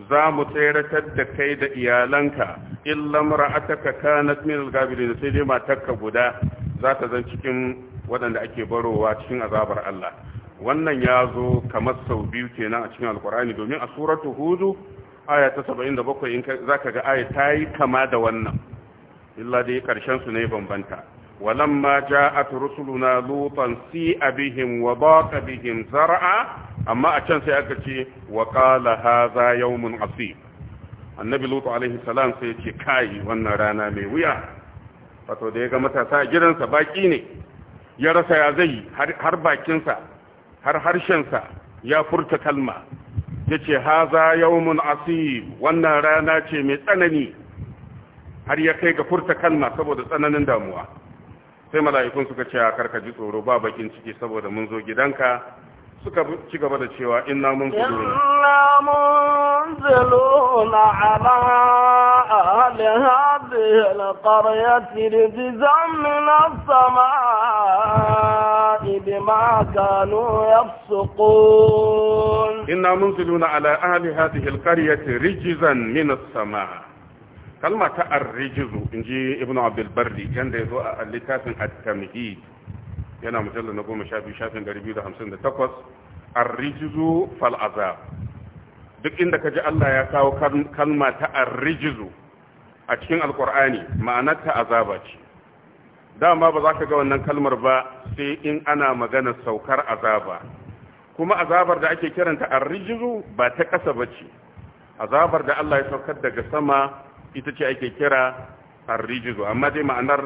za mu tseratar da kai da iyalanka illa mar'ataka kanat min al-gabirin sai dai matarka guda za ta zan cikin waɗanda ake barowa cikin azabar Allah wannan ya zo kamar sau biyu kenan a cikin alkur'ani domin a suratu hudu aya ta 77 in zaka ga aya ta yi kama da wannan illa dai karshen su ne bambanta ولما جاءت رسلنا لوطا سيء بهم وضاق بهم زرعا أما أتشان سيأكتي وقال هذا يوم عصيب annabi lutu alaihi salam sai ya ce kai wannan rana mai wuya wato da ya ga matasa gidansa baƙi ne ya rasa ya zai har bakinsa har harshensa ya furta kalma ya ce haza yawmun asib wannan rana ce mai tsanani har ya kai ga furta kalma saboda tsananin damuwa sai mala'ikun suka ce a karka ji tsoro ba bakin ciki saboda mun zo gidanka suka ci gaba da cewa inna mun zuluna inna mun zuluna ala ahli hadhihi alqaryati rijzan min as-samaa'i bima kanu yafsuqun inna mun zuluna ala ahli hadhihi alqaryati rijzan min as-samaa'i kalma ta arrijizu in ji ibn abdul bardi yanda ya zo a littafin at-tamhid yana mujalla na goma sha biyu shafin ɗari biyu da hamsin da takwas arrijizu fal azab duk inda ka ji Allah ya kawo kalma ta arrijizu a cikin alkur'ani ma'anarta azaba ce dama ba za ka ga wannan kalmar ba sai in ana magana saukar azaba kuma azabar da ake kiranta arrijizu ba ta ƙasa ba ce azabar da Allah ya saukar daga sama ita ce ake kira arrijizu amma dai ma'anar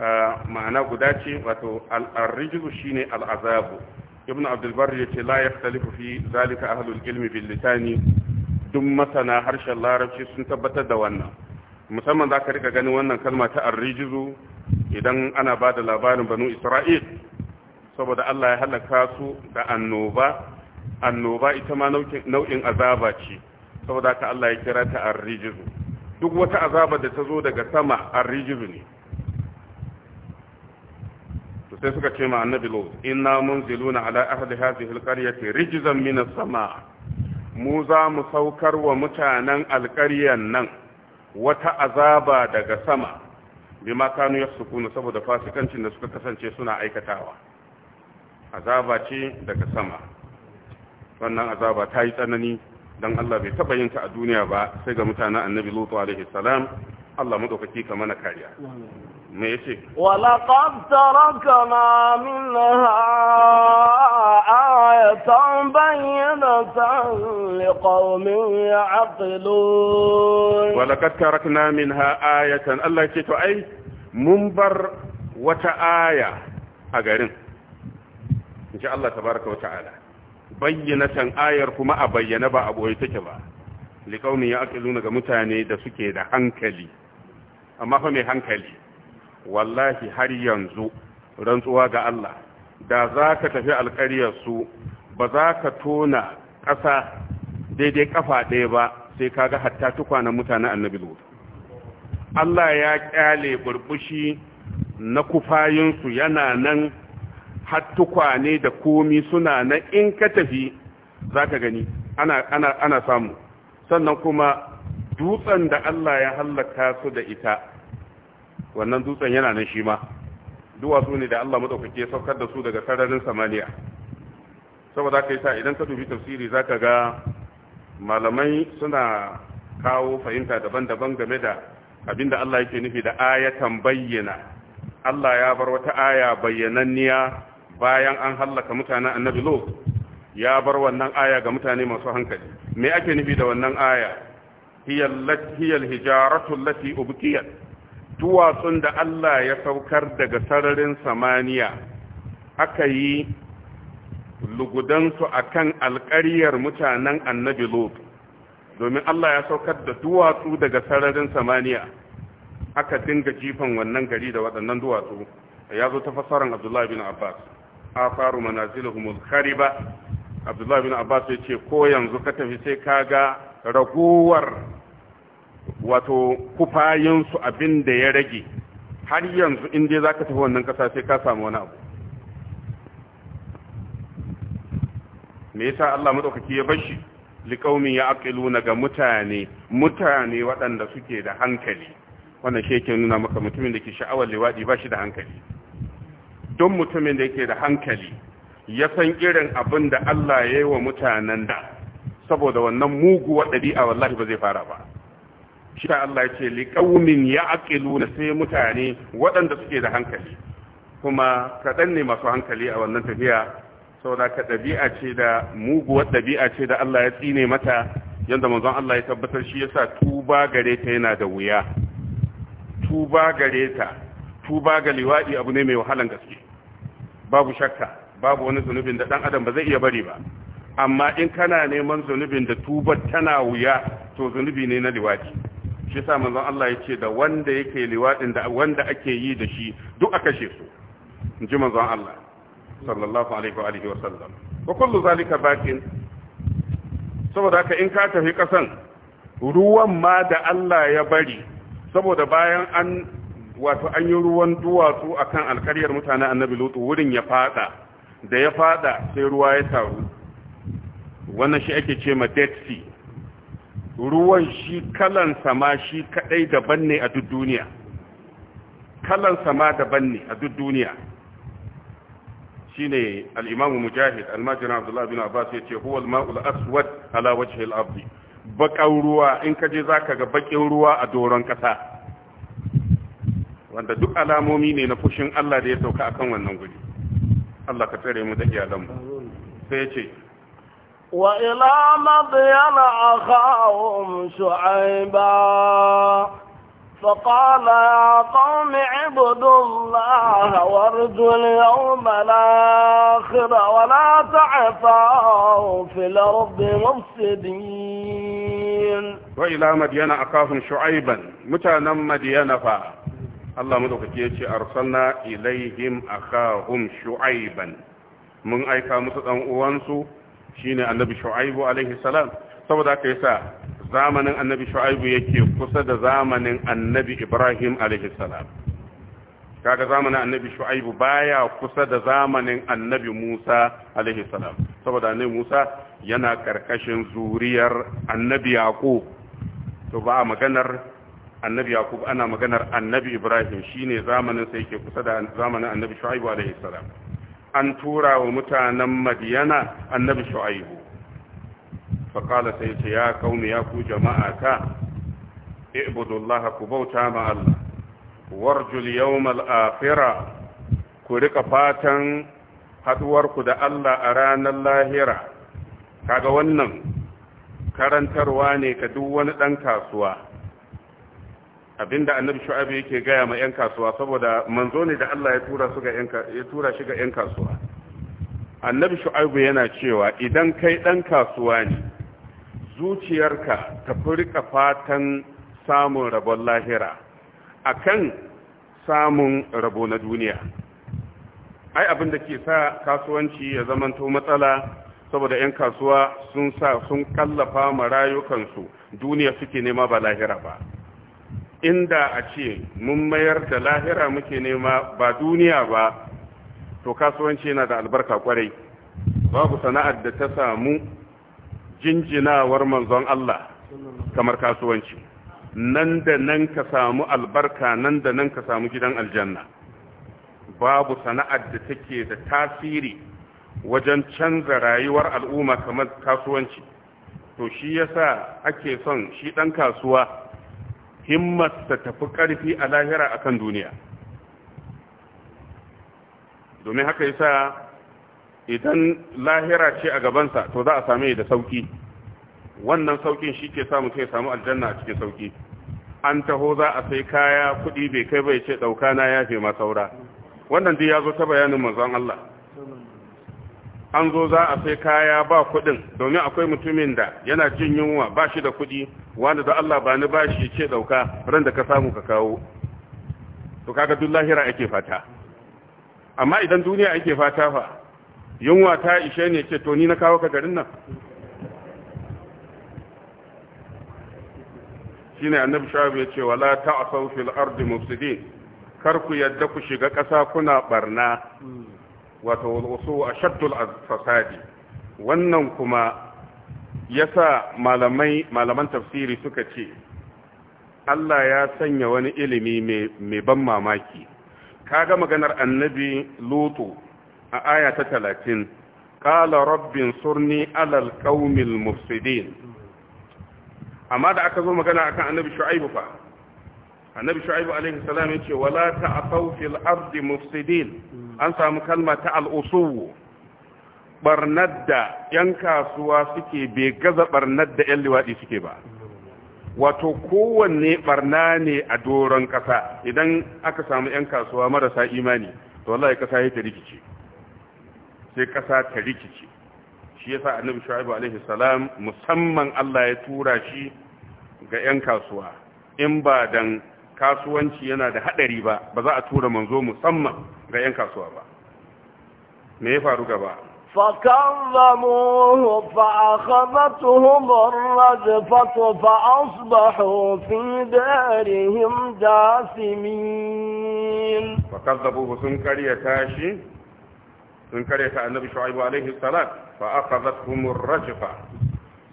eh, ma'ana guda ce wato arrijizu shine al'azabu ibnu abdulbar ya ce la yaftalifu fi zalika ahlul ilmi bil litani duk masana harshen larabci sun tabbatar da wannan musamman za ka rika ganin wannan kalma ta arrijizu idan ana ba da labarin banu isra'il saboda allah ya halaka su da annoba annoba ita ma nau'in azaba ce saboda ka allah ya kira ta arrijizu duk wata azaba da ta zo daga sama a arrijizu ne to sai suka ce ma annabi lo inna munziluna ala ahli hadhihi alqaryati rijzan min as-sama mu za mu saukar wa mutanen alƙaryan nan wata azaba daga sama ma kanu yasukuna saboda fasikancin da suka kasance suna aikatawa azaba ce daga sama wannan azaba ta yi tsanani dan Allah bai taba yin ta a duniya ba sai ga mutanen annabi lutu alaihi salam Allah madaukaki ka mana kariya me yace wala qad tarakna minha ayatan bayyinatan liqaumin ya'qilun wala qad tarakna minha ayatan Allah yace to ai mun bar wata aya a garin insha Allah tabaraka wa ta'ala bayyanatan ayar kuma a bayyana ba a boye take ba liqaumin yaqiluna ga mutane da suke da hankali amma fa mai hankali wallahi har yanzu rantsuwa ga Allah da za ka tafi alƙaryar su ba za ka tona ƙasa daidai ƙafa ɗaya ba sai ka ga hatta tukwanan mutanen annabi lut Allah ya ƙyale burbushi na kufayinsu yana nan har tukwane da komi suna na in ka tafi za ka gani ana samu sannan kuma dutsen da Allah ya hallaka su da ita wannan dutsen yana nan shi ma duwatsu ne da Allah maɗaukaki saukar da su daga sararin samaniya saboda ka yi sa idan ka dubi tafsiri za ka ga malamai suna kawo fahimta daban-daban game da abin da Allah yake nufi da ayatan bayyana Allah ya bar wata aya bayyananniya bayan an hallaka mutanen annabi lot ya bar wannan aya ga mutane masu hankali me ake nufi da wannan aya hiyal hijaratu lati ubkiyat duwatsun da Allah ya saukar daga sararin samaniya aka yi lugudansu akan alƙaryar mutanen annabi lot domin Allah ya saukar da duwatsu daga sararin samaniya aka dinga jifan wannan gari da waɗannan duwatsu ya zo ta abdullahi bin abbas afaru manazilahum khariba Abdullah bin Abbas ya ce ko yanzu ka tafi sai ka ga raguwar wato kufayen su abinda ya rage har yanzu in dai zaka tafi wannan kasa sai ka samu wani abu me yasa Allah madaukaki ya bashi liqaumin yaqiluna ga mutane mutane waɗanda suke da hankali wannan shekin nuna maka mutumin da ke sha'awar liwadi ba shi da hankali don mutumin da yake da hankali ya san irin abin da Allah ya yi wa mutanen da saboda wannan muguwar ɗabi'a wallahi ba zai fara ba shi ta Allah ce liƙaunin ya aƙilu na sai mutane waɗanda suke da hankali kuma kaɗan ne masu hankali a wannan tafiya Sau da ka ɗabi'a ce da muguwar ɗabi'a ce da Allah ya tsine mata yadda manzon Allah ya tabbatar shi ya yasa tuba gare ta yana da wuya tuba gare ta tuba ga liwaɗi abu ne mai wahalan gaske babu shakka babu wani zunubin da dan adam ba zai iya bari ba amma in kana neman zunubin da tubar tana wuya to zunubi ne na liwadi shi sa manzon Allah ya da wanda yake liwadin da wanda ake yi da shi duk a kashe su in ji manzon Allah sallallahu alaihi wa alihi wa sallam wa kullu zalika baqin saboda haka in ka tafi kasan ruwan ma da Allah ya bari saboda bayan an wato an yi ruwan duwatsu a akan alkaryar a annabi lutu wurin ya fada da ya fada sai ruwa ya taru wannan shi ake ce ma dead sea ruwan shi kalan sama shi kadai daban ne a duk duniya kalan sama daban ne a duk duniya shine al-imamu mujahid al-majran Abdullahi bin abbas yace huwa al-ma'ul aswad ala wajhi al-ardi baƙar ruwa in ka je za ga baƙin ruwa a doron kasa. wanda duk alamomi ne na fushin Allah da ya sauka a kan wannan guri Allah ka tsare mu da iyalanmu sai ya ce wa ila madiyana akhahum shu'aiba فقال يا قوم اعبدوا الله وارجوا اليوم الآخر ولا تعثوا في الأرض مفسدين وإلى مدينة أخاهم شعيبا متى نم مدينة فا Allah madaukaki ya ce arsalna ilaihim akhahum shu'aiban mun aika musu dan uwansu shine annabi shu'aibu alaihi salam saboda haka yasa zamanin annabi shu'aibu yake kusa da zamanin annabi ibrahim alaihi salam kaga zamanin annabi shu'aibu baya kusa da zamanin annabi musa alaihi salam saboda annabi musa yana karkashin zuriyar annabi yaqub to ba maganar annabi yakub ana maganar annabi ibrahim shine zamanin sai yake kusa da zamanin annabi shu'aibu alaihi salam an tura wa mutanen madiyana annabi shu'aibu faƙala sai ce ya kauni ya ku jama'a ta ibudullaha ku bauta ma Allah warjul yawmal akhira ku rika fatan haduwar ku da Allah a ranar lahira kaga wannan karantarwa ne ka duk wani dan kasuwa abinda annabi shu'aib yake gaya ma yan kasuwa saboda manzo ne da Allah ya tura su ga yan ya tura shi ga yan kasuwa annabi shu'aib yana cewa idan kai dan kasuwa ne zuciyarka ta furika fatan samun rabon lahira akan samun rabo na duniya ai abin da ke sa kasuwanci ya zamanto matsala saboda 'yan kasuwa sun sa sun kallafa ma rayukansu duniya suke nema ba lahira ba inda a ce mun mayar da lahira muke nema ba duniya ba to kasuwanci yana da albarka kwarai babu sana'ar da ta samu jinjinawar manzon Allah kamar kasuwanci nan da nan ka samu albarka nan da nan ka samu gidan aljanna babu sana'ar da take da tasiri wajen canza rayuwar al'umma kamar kasuwanci to shi yasa ake son shi dan kasuwa himmat ta tafi ƙarfi a lahira a kan duniya domin haka yasa idan lahira ce a gabansa to za a same da sauki wannan saukin shi ke samu ya samu aljanna a cikin sauki an taho za a sai kaya kuɗi bai kai bai ce ɗauka na yafe ma saura wannan duk ya zo ta bayanin manzon Allah an zo za a sai kaya ba kuɗin domin akwai mutumin da yana jin yunwa ba shi da kuɗi wanda da Allah ba ni ba shi ce ɗauka ran da ka samu ka kawo to kaga duk lahira ake fata amma idan duniya ake fata fa yunwa ta ishe ne ce to ni na kawo ka garin nan shine annabi shabi ya ce wala ta'asaw fil ardi mufsidin kar ku yadda ku shiga kasa kuna barna wato wasu a shaddul fasadi wannan kuma ya sa malaman tafsiri suka ce Allah ya sanya wani ilimi mai ban mamaki Ka ga maganar annabi lutu a aya ta talatin kala rabbin surni alal kaumil mufsidin amma da aka zo magana akan annabi shu'aibu fa annabi shu'aibu alayhi salam yace wala ta'thaw fil ardi mufsidin an samu kalma ta al'usuwu barnar da yan kasuwa suke bai gaza barnar da yan liwadi suke ba wato kowanne barna ne a doron kasa idan aka samu yan kasuwa marasa imani to wallahi kasa yake rikici sai kasa ta rikici shi yasa annabi shu'aibu alayhi salam musamman Allah ya tura shi ga yan kasuwa in ba dan kasuwanci yana da hadari ba ba za a tura manzo musamman ga 'yan kasuwa ba me ya faru gaba فكذبوه فأخذتهم الرجفة فأصبحوا في دارهم جاثمين فكذبوه سنكرية تاشي سنكرية النبي شعيب عليه الصلاة فأخذتهم الرجفة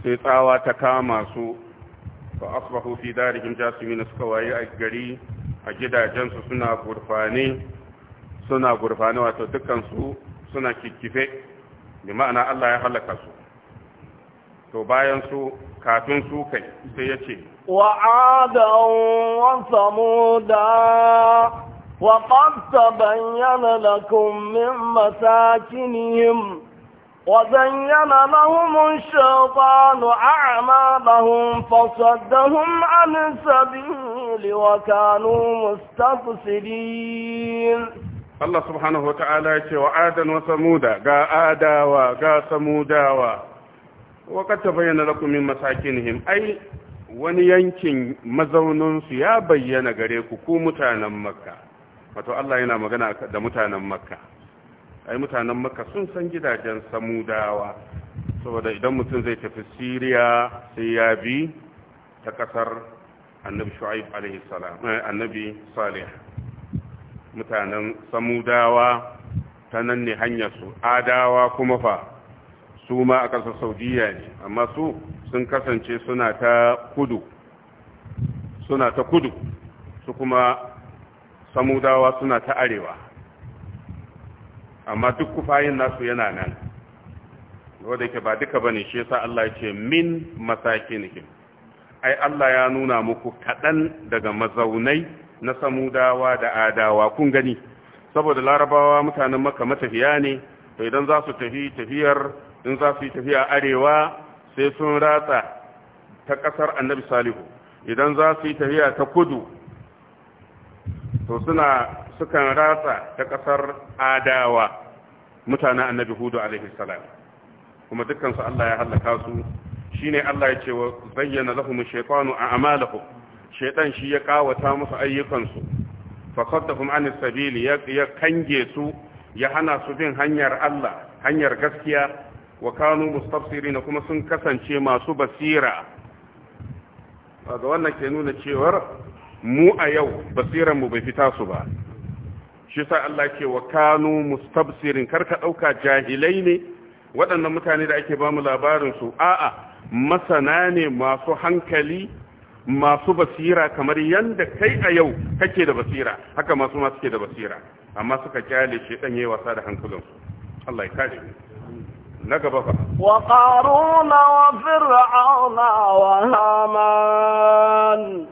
سيطاوة تكامسوا fa asbahu fi darihim jasimin suka waye a gari a gidajensu suna gurfane suna gurfane wato dukkansu suna kikkife bi ma'ana Allah ya halaka su to bayan su kafin su kai sai ya ce wa'adan wa samuda وقد تبين لكم من مساكنهم وزين لهم الشيطان أعمالهم فصدهم عن السبيل وكانوا مستبصرين الله سبحانه وتعالى وعادا وثمودا قا آداوا قا ثموداوا وقد تبين لكم من مساكنهم أي wani yankin mazauninsu ya bayyana gare ku ku mutanen makka wato Allah yana magana da ai mutanen Maka sun san gidajen samudawa saboda idan mutum zai tafi siriya sai ya bi ta kasar annabi shu'aib alaihi salam eh, annabi salih mutanen samudawa ta nan ne hanyar su, adawa kuma fa su ma a ƙasar saudiya ne amma su sun kasance suna ta kudu suna ta kudu su kuma samudawa suna ta arewa amma duk kufayin nasu yana nan wanda yake ba duka bane shi yasa Allah ya ce min masakinihim ai Allah ya nuna muku kadan daga mazaunai na samudawa da adawa kun gani saboda larabawa mutanen makka matafiya ne to idan za su tafi tafiyar in za su yi tafiya arewa sai sun ratsa ta kasar annabi salihu idan za su yi tafiya ta kudu to suna sukan ratsa ta ƙasar adawa mutanen annabi hudu alaihi kuma dukkansu Allah ya halaka su shine Allah ya ce wa bayyana lahum shaytanu a'malahum shaytan shi ya kawata musu ayyukansu fa saddahum an sabili ya kange su ya hana su bin hanyar Allah hanyar gaskiya wa kanu mustafsirina kuma sun kasance masu basira ga wannan ke nuna cewar mu a yau basiran mu bai fita su ba shi sa Allah ke wa kanu mustabsirin karka ɗauka jahilai ne waɗannan mutane da ake bamu labarin su a'a masana ne masu hankali masu basira kamar yadda kai a yau kake da basira haka masu ma ke da basira amma suka kyale shi wasa da hankulansu Allah ya kare na gaba fa wa qaruna wa fir'auna wa haman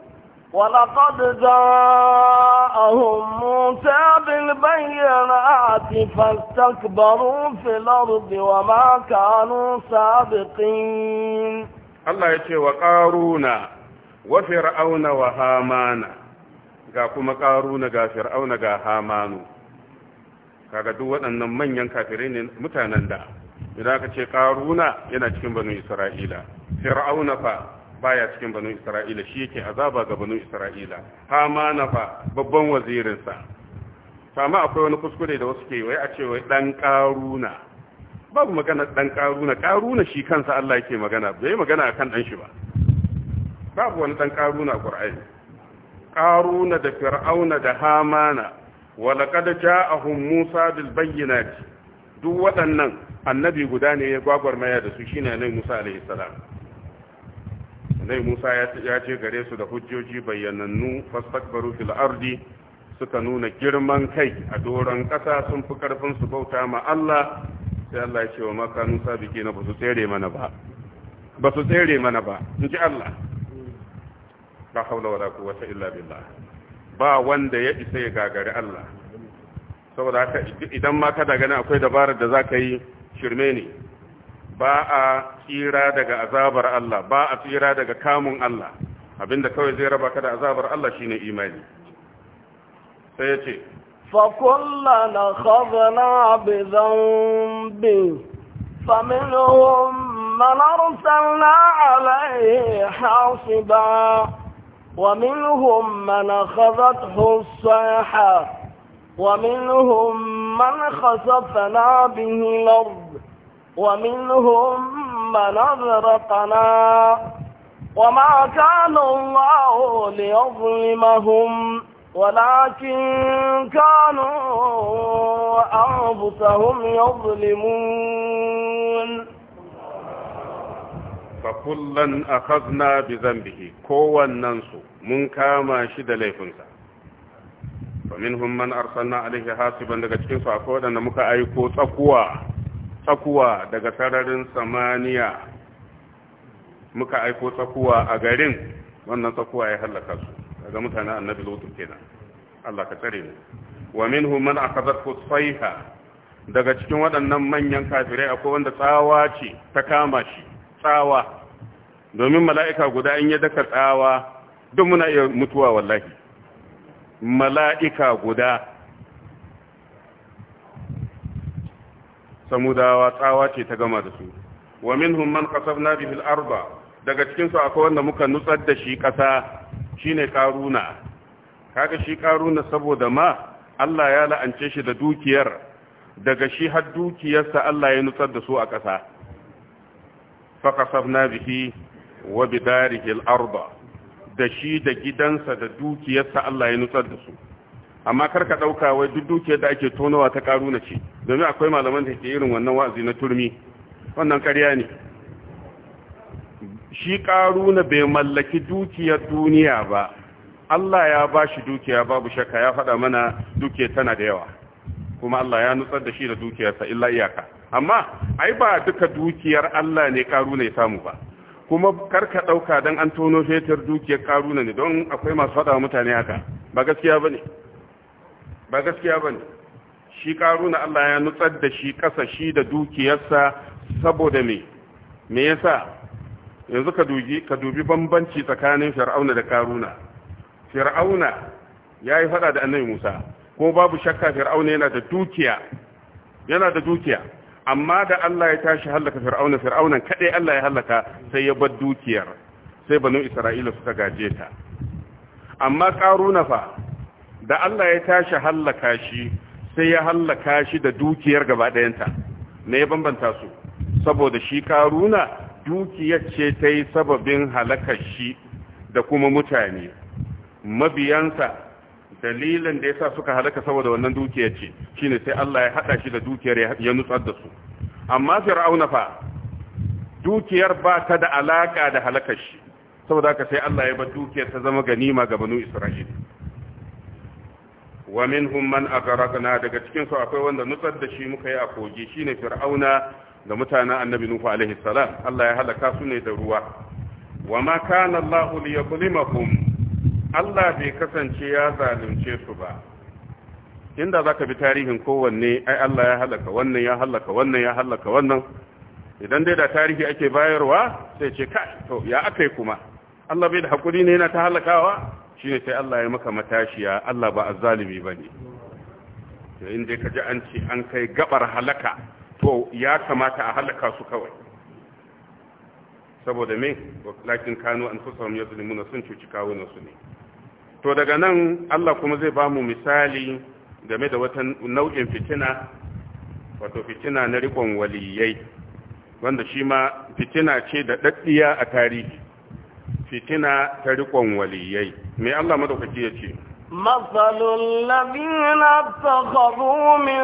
ولقد جاءهم موسى بالبينات فاستكبروا في الأرض وما كانوا سابقين الله يتي وقارون وفرعون وهامان ga kuma ƙaruna ga fir'auna ga hamanu kaga duk waɗannan manyan kafirai mutanen da idan ka ce ƙaruna yana cikin banin isra'ila fir'auna fa baya cikin banu isra'ila shi yake azaba ga banu isra'ila hamana fa babban wazirinsa sama akwai wani kuskure da wasu ke wai a ce wai dan karuna babu magana dan karuna karuna shi kansa Allah yake magana bai magana akan dan shi ba babu wani dan karuna a qur'ani karuna da fir'auna da hamana wa laqad ja'ahum musa bil bayyinati duk waɗannan annabi guda ne ya gwagwarmaya da su shine nan musa alaihi salam annai musa ya ce gare su da hujjoji bayyanannu fastakbaru fil ardi suka nuna girman kai a doron ƙasa sun fi karfin su bauta ma Allah sai Allah ya ce wa Musa biki na basu tsere mana ba basu tsere mana ba in ji Allah ba haula wala quwwata illa billah ba wanda ya isa ya gagari Allah saboda haka idan ma ka da gani akwai dabarar da zaka yi shirme ne ba a tsira daga azabar Allah ba a tsira daga kamun Allah abinda kawai zai raba ka da azabar Allah shine imani sai yace ya ce فكلنا خذنا بذنبه فمنهم من أرسلنا عليه حاصبا ومنهم من أخذته الصيحة ومنهم من خسفنا به الأرض ومنهم من أغرقنا وما كان الله ليظلمهم ولكن كانوا أنفسهم يظلمون فكلا أخذنا بذنبه كوا ننسو من كاما شد ليفنسا فمنهم من أرسلنا عليه حاسبا لكي سأقول أن مكا أيكو تقوى tsakuwa daga sararin samaniya muka aiko tsakuwa a garin wannan tsakuwa ya hallaka su daga mutanen annabi lutun kenan Allah ka tsare ni wa minhum man akhadhathu sayha daga cikin waɗannan manyan kafirai akwai wanda tsawa ce ta kama shi tsawa domin mala'ika guda in ya daka tsawa duk muna iya mutuwa wallahi mala'ika guda samudawa tsawa ce ta gama da su wa minhum man qasafna bihi al-arda daga cikin su akwai wanda muka nutsar da shi kasa shine karuna kaga shi karuna saboda ma Allah ya la'ance shi da dukiyar daga shi har dukiyarsa Allah ya nutsar da su a kasa fa qasafna bihi wa bidarihi al da shi da gidansa da dukiyarsa Allah ya nutsar da su amma kar ka ɗauka wai duk dukiyar da ake tonowa ta karuna ce domin akwai malaman da ke irin wannan wa'azi na turmi wannan karya ne shi na bai mallaki dukiyar duniya ba Allah ya ba shi dukiya babu shakka ya faɗa mana dukiya tana da yawa kuma Allah ya nutsar da shi da dukiyarsa illa iyaka amma ai ba duka dukiyar Allah ne karu ya samu ba kuma karka ɗauka dan an tono fetur dukiyar karuna ne don akwai masu faɗa mutane haka ba gaskiya ba ba gaskiya ba ne shi karuna Allah ya nutsar da shi ƙasa shi da dukiyarsa saboda me me yasa yanzu ka dubi ka dubi bambanci tsakanin fir'auna da karuna fir'auna ya yi fada da annabi musa ko babu shakka fir'auna yana da dukiya yana da dukiya amma da Allah ya tashi halaka fir'auna fir'aunan kaɗai Allah ya halaka sai ya bar dukiyar sai banu isra'ila suka gaje ta amma karuna fa da Allah ya tashi hallaka shi sai ya hallaka shi da dukiyar gaba ɗayanta ya bambanta su saboda shi karuna dukiyar ce ta yi sababin halakar shi da kuma mutane mabiyansa dalilin da ya sa suka halaka saboda wannan dukiyar ce shi ne sai Allah ya haɗa shi da dukiyar ya nutsar da su amma fir'auna fa dukiyar ba ta da alaƙa da halakar shi saboda haka sai Allah ya bar dukiyar ta zama ganima ga banu Isra'ila wa minhum man aghraqna daga cikin su akwai wanda nutsar da shi muka yi a kogi shine fir'auna da mutanen annabi nuhu alaihi salam Allah ya halaka su ne da ruwa wa ma kana Allah yuzlimakum Allah bai kasance ya zalunce su ba inda zaka bi tarihin kowanne ai Allah ya halaka wannan ya halaka wannan ya halaka wannan idan dai da tarihi ake bayarwa sai ce kai to ya akai kuma Allah bai da hakuri ne yana ta halakawa shine sai Allah ya maka matashiya Allah ba a azzalimi bane to in dai kaji an ce an kai gabar halaka to ya kamata a halaka su kawai saboda me lakin kanu an fusahum yazlimuna sun cuci kawunan su ne to daga nan Allah kuma zai ba mu misali game da wata nau'in fitina wato fitina na riƙon waliyai wanda shi ma fitina ce da daddiya a tarihi fitina ta riƙon waliyai mai Allah madaukaki ya مثل الذين اتخذوا من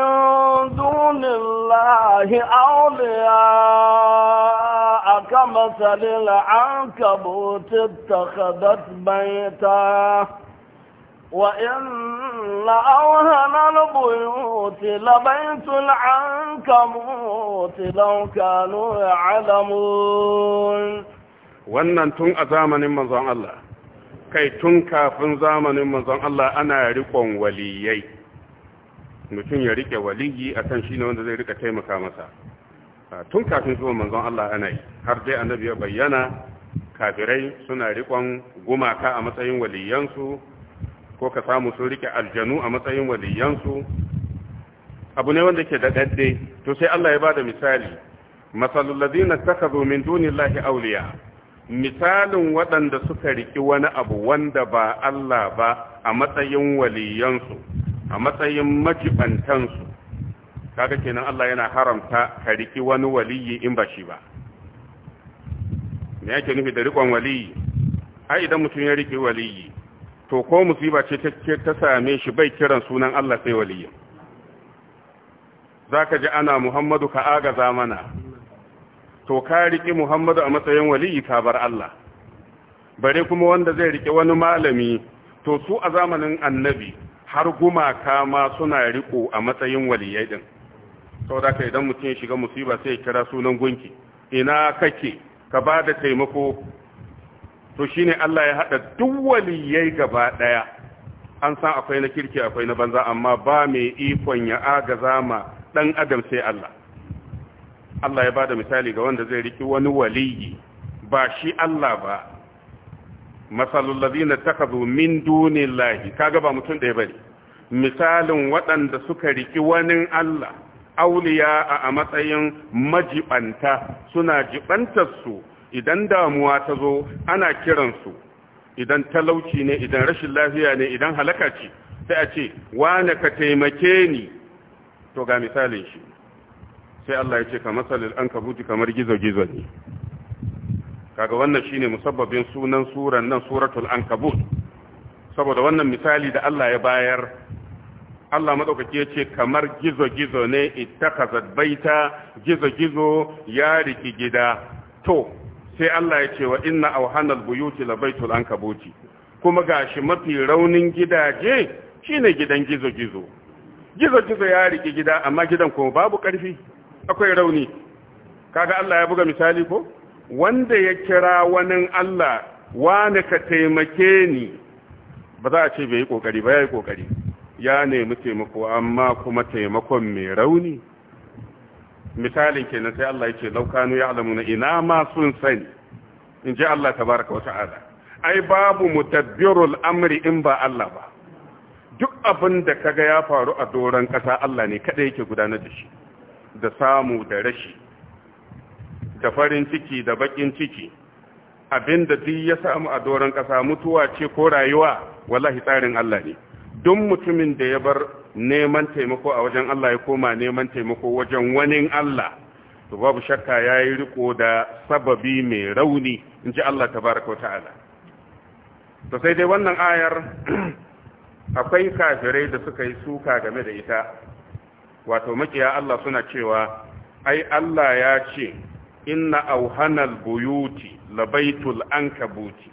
دون الله أولياء كمثل العنكبوت اتخذت بيتا وإن أوهن البيوت لبيت العنكبوت لو كانوا يعلمون wannan tun a zamanin manzon Allah kai tun kafin zamanin manzon Allah ana riƙon waliyai mutum ya riƙe waliyi shi ne wanda zai riƙa taimaka masa tun kafin zuwan manzon Allah ana yi har dai annabi ya bayyana kafirai suna riƙon gumaka a matsayin waliyansu ko ka samu sun riƙe aljanu a matsayin waliyansu abu ne wanda ke da daddai to sai Allah ya bada misali masalul ladina takhadhu min dunillahi awliya misalin waɗanda suka riki wani abu wanda ba Allah ba a matsayin waliyansu a matsayin majibantansu kaga kenan Allah yana haramta ka riki wani waliyi in ba shi ba me yake nufi da rikon waliyi ai idan mutum ya riki waliyi to ko musiba ce ta same shi bai kiran sunan Allah sai waliyin zaka ji ana Muhammadu ka agaza mana to ka riƙe muhammadu a matsayin waliyi ka bar Allah bare kuma wanda zai riƙe wani malami to su a zamanin annabi har gumaka ma suna riƙo a matsayin waliyai din da ka idan mutum ya shiga musiba sai ya kira sunan gunki ina kake ka ba da taimako to shi ne Allah ya haɗa duk waliyai gaba ɗaya an san akwai na kirki akwai na banza amma ba mai ikon ya agaza ma ɗan adam sai Allah Allah ya ba da misali ga wanda zai riki wani waliyi ba shi Allah ba masalul ladina takazu min dunillahi kaga ba mutum da ya bari misalin waɗanda suka riki wani Allah auliya a matsayin majibanta suna jibantar su idan damuwa ta zo ana kiransu idan talauci ne idan rashin lafiya ne idan halaka ce sai a ce wane ka taimake ni to ga misalin shi sai Allah ya ce ka masalil an kabuti kamar gizo-gizo ne kaga wannan shine musabbabin sunan suran nan suratul ankabut saboda wannan misali da Allah ya bayar Allah madaukake yace kamar gizo-gizo ne ittakazat baita gizo-gizo ya riki gida to sai Allah ya ce wa inna awhanal buyuti la baitul ankabuti kuma gashi mafi raunin gidaje shine gidan gizo-gizo gizo-gizo ya riki gida amma gidan kuma babu karfi akwai rauni kaga Allah ya buga misali ko wanda ya kira wani Allah wani ka taimake ni ba za a ce bai yi kokari ba ya yi kokari ya nemi taimako amma kuma taimakon mai rauni misalin kenan sai Allah ya ce laukanu ya na ina ma sun sani in ji Allah tabaraka wa ta'ala ai babu mutabbirul amri in ba Allah ba duk abin da kaga ya faru a doron kasa Allah ne kada yake gudanar da shi da samu da rashi da farin ciki da bakin ciki abinda duk ya samu a doron ƙasa mutuwa ce ko rayuwa wallahi tsarin Allah ne duk mutumin da ya bar neman taimako a wajen Allah ya koma neman taimako wajen wani Allah to babu shakka ya yi riko da sababi mai rauni in inji Allah ta wa ta'ala to sai dai wannan ayar akwai kafirai da suka yi suka game da ita wato makiya Allah suna cewa ai Allah ya ce inna auhanal buyuti labaitul ankabuti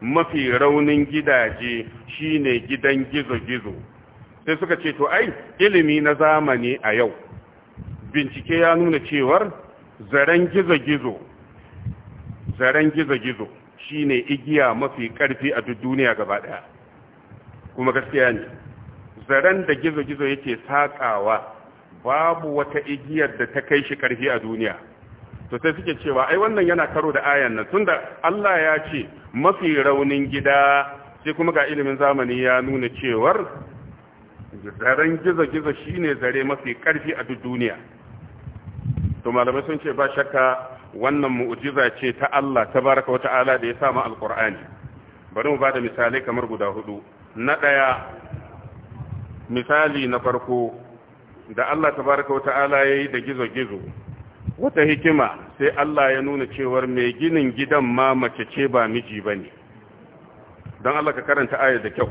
mafi raunin gidaje shine gidan gizo-gizo sai suka ce to ai ilimi na zamani a yau bincike ya nuna cewar zaren gizo-gizo zaren gizo-gizo shine igiya mafi karfi a duk duniya gabaɗaya. daya kuma gaskiya ne zaren da gizo-gizo yake saƙawa. babu wata igiyar da ta kai shi karfi a duniya to sai suke cewa ai wannan yana karo da ayan nan tunda Allah ya ce mafi raunin gida sai kuma ga ilimin zamani ya nuna cewar zaren gizo-gizo shine zare mafi karfi a duk duniya to malamai sun ce ba shakka wannan mu'jiza ce ta Allah ta tabaraka wa ta'ala da ya sa mu alqur'ani bari mu bada misalai kamar guda hudu na daya misali na farko da Allah Ta tabaraka wa ta'ala yayi da gizo-gizo wata hikima sai Allah ya nuna cewar mai ginin gidan ma mace ce ba miji bane don Allah ka karanta ayar da kyau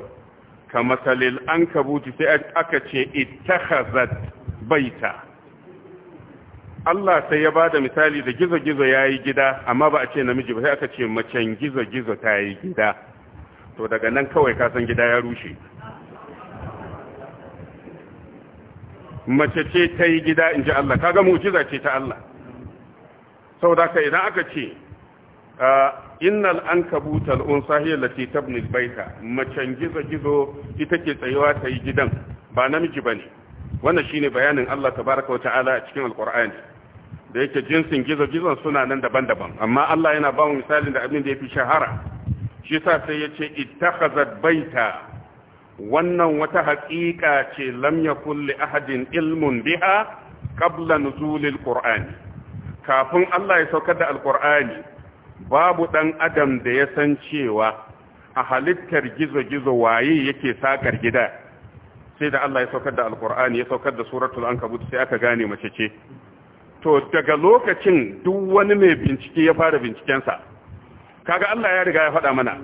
ka matsalil an kabuti sai aka ce ittakhazat baita Allah sai ya bada misali da gizo-gizo yayi gida amma ba a ce namiji ba sai aka ce macen gizo-gizo ta yi gida to daga nan kawai kasan gida ya rushe mace ce ta yi gida in ji Allah kaga mu'jiza ce ta Allah saboda ka idan aka ce ah, innal ankabut al unsa hiya allati tabni baita macen gizo gizo ita ke tsayuwa ta yi gidan ba namiji ba ne. wannan shine bayanin Allah tabaaraka wa ta'ala a cikin alqur'ani da yake jinsin gizo gizon suna nan daban-daban amma Allah yana ba mu misalin da abin da ya fi shahara shi sa sai ce ittakhazat baita wannan wata haƙiƙa ce lamya kulle ahadin ilmun biha qabla nuzulil qur'ani kafin Allah ya saukar da alqur'ani babu ɗan adam da ya san cewa a halittar gizo-gizo waye yake sakar gida sai da Allah ya saukar da alqur'ani ya saukar da suratul ankabut sai aka gane mace ce to daga lokacin duk wani mai bincike ya fara bincikensa kaga Allah ya riga ya faɗa mana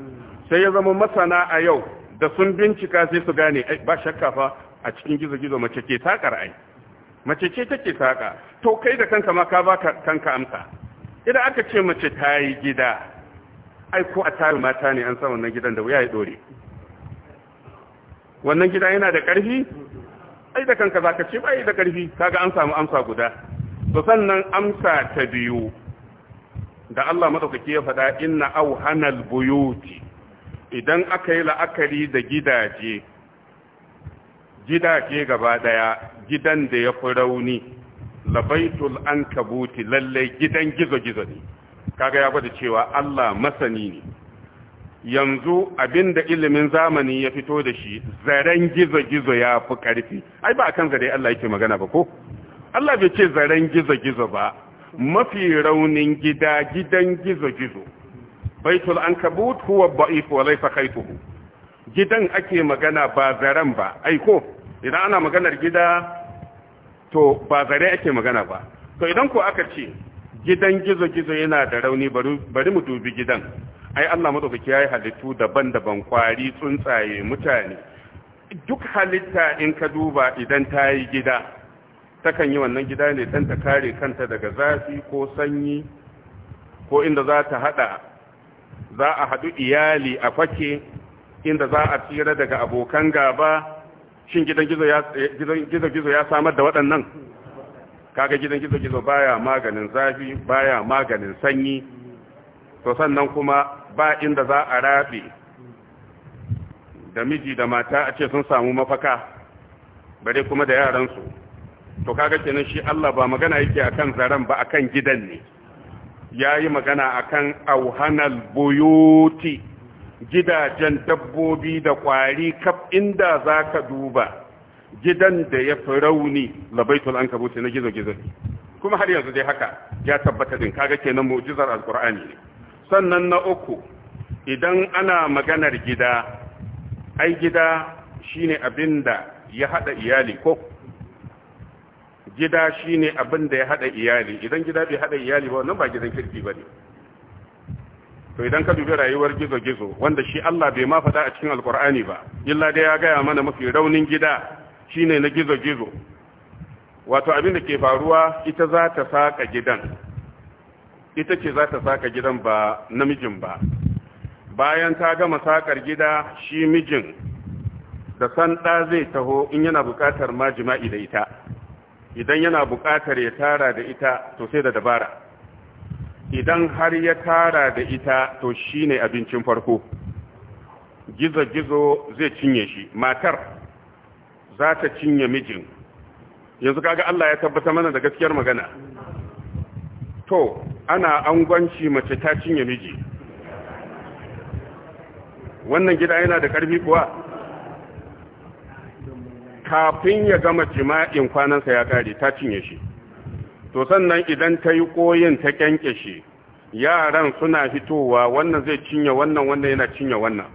sai ya zama masana a yau da sun bincika sai su gane ba shakka fa a cikin gizo-gizo mace ke sakar ai mace ce take saka to kai da kanka ma ka ba kanka amsa idan aka ce mace ta yi gida ai ko a tare mata ne an san wannan gidan da wuya ya dore wannan gida yana da ƙarfi ai da kanka zaka ce bai da ƙarfi kaga an samu amsa guda to sannan amsa ta biyu da Allah madaukake ya faɗa inna auhanal buyuti idan aka yi la'akari da gidaje gidaje gaba daya gidan da ya fi rauni labaitul an kabuti lallai gidan gizo-gizo ne kaga ya gwada cewa Allah masani ne yanzu abinda ilimin zamani ya fito da shi zaren gizo-gizo ya fi ƙarfi ai ba kan zare Allah yake magana ba ko Allah bai ce zaren gizo-gizo ba mafi raunin gida gidan gizo-gizo baitul ankabut huwa da'if wa laysa khaytuhu gidan ake magana ba zaren ba aiko idan ana maganar gida to ba zare ake magana ba to idan ko aka ce gidan gizo-gizo yana da rauni bari mu dubi gidan ai Allah madaukaki yayi halittu daban-daban kwari tsuntsaye mutane duk halitta in ka duba idan ta yi gida takan yi wannan gida ne dan ta kare kanta daga zafi ko sanyi ko inda za ta hada za a haɗu iyali a fake inda za a tsira daga abokan gaba shin gidan gizo-gizo eh, ya samar da waɗannan kaga gidan gizo-gizo baya maganin zafi baya maganin sanyi to sannan kuma ba inda za a rabe da miji da mata a ce sun samu mafaka bare kuma da yaransu to kaga kenan shi Allah ba magana yake akan zaren ba akan gidan ne ya yi magana a kan auhanal boyoti gidajen dabbobi da ƙwari kaf inda za ka duba gidan da ya fi rauni labaitul an kabuti na gizo-gizo kuma har yanzu dai haka ya tabbata din kaga kenan mu'jizar alkur'ani ne sannan na uku idan ana maganar gida ai gida shine abinda ya hada iyali ko gida shine abin da ya hada iyali idan gida bai hada iyali ba wannan ba gidan kirki bane to idan ka dubi rayuwar gizo gizo wanda shi Allah bai ma fada a cikin alkur'ani ba illa dai ya gaya mana mafi raunin gida shine na gizo gizo wato abin da ke faruwa ita za ta saka gidan ita ce za ta saka gidan ba namijin ba bayan ta gama sakar gida shi mijin da san da zai taho in yana bukatar ma jima'i da ita idan yana buƙatar ya tara da ita to sai da dabara idan har ya tara da ita to shine abincin farko gizo-gizo zai cinye shi matar za ta cinye mijin yanzu kaga Allah ya tabbata mana da gaskiyar magana to ana angwanci mace ta cinye miji wannan gida yana da ƙarfi kuwa kafin ya gama jima'in kwanansa ya kare ta cinye shi to sannan idan ta yi koyin ta kyanke shi yaran suna fitowa wannan zai cinye wannan wannan yana cinye wannan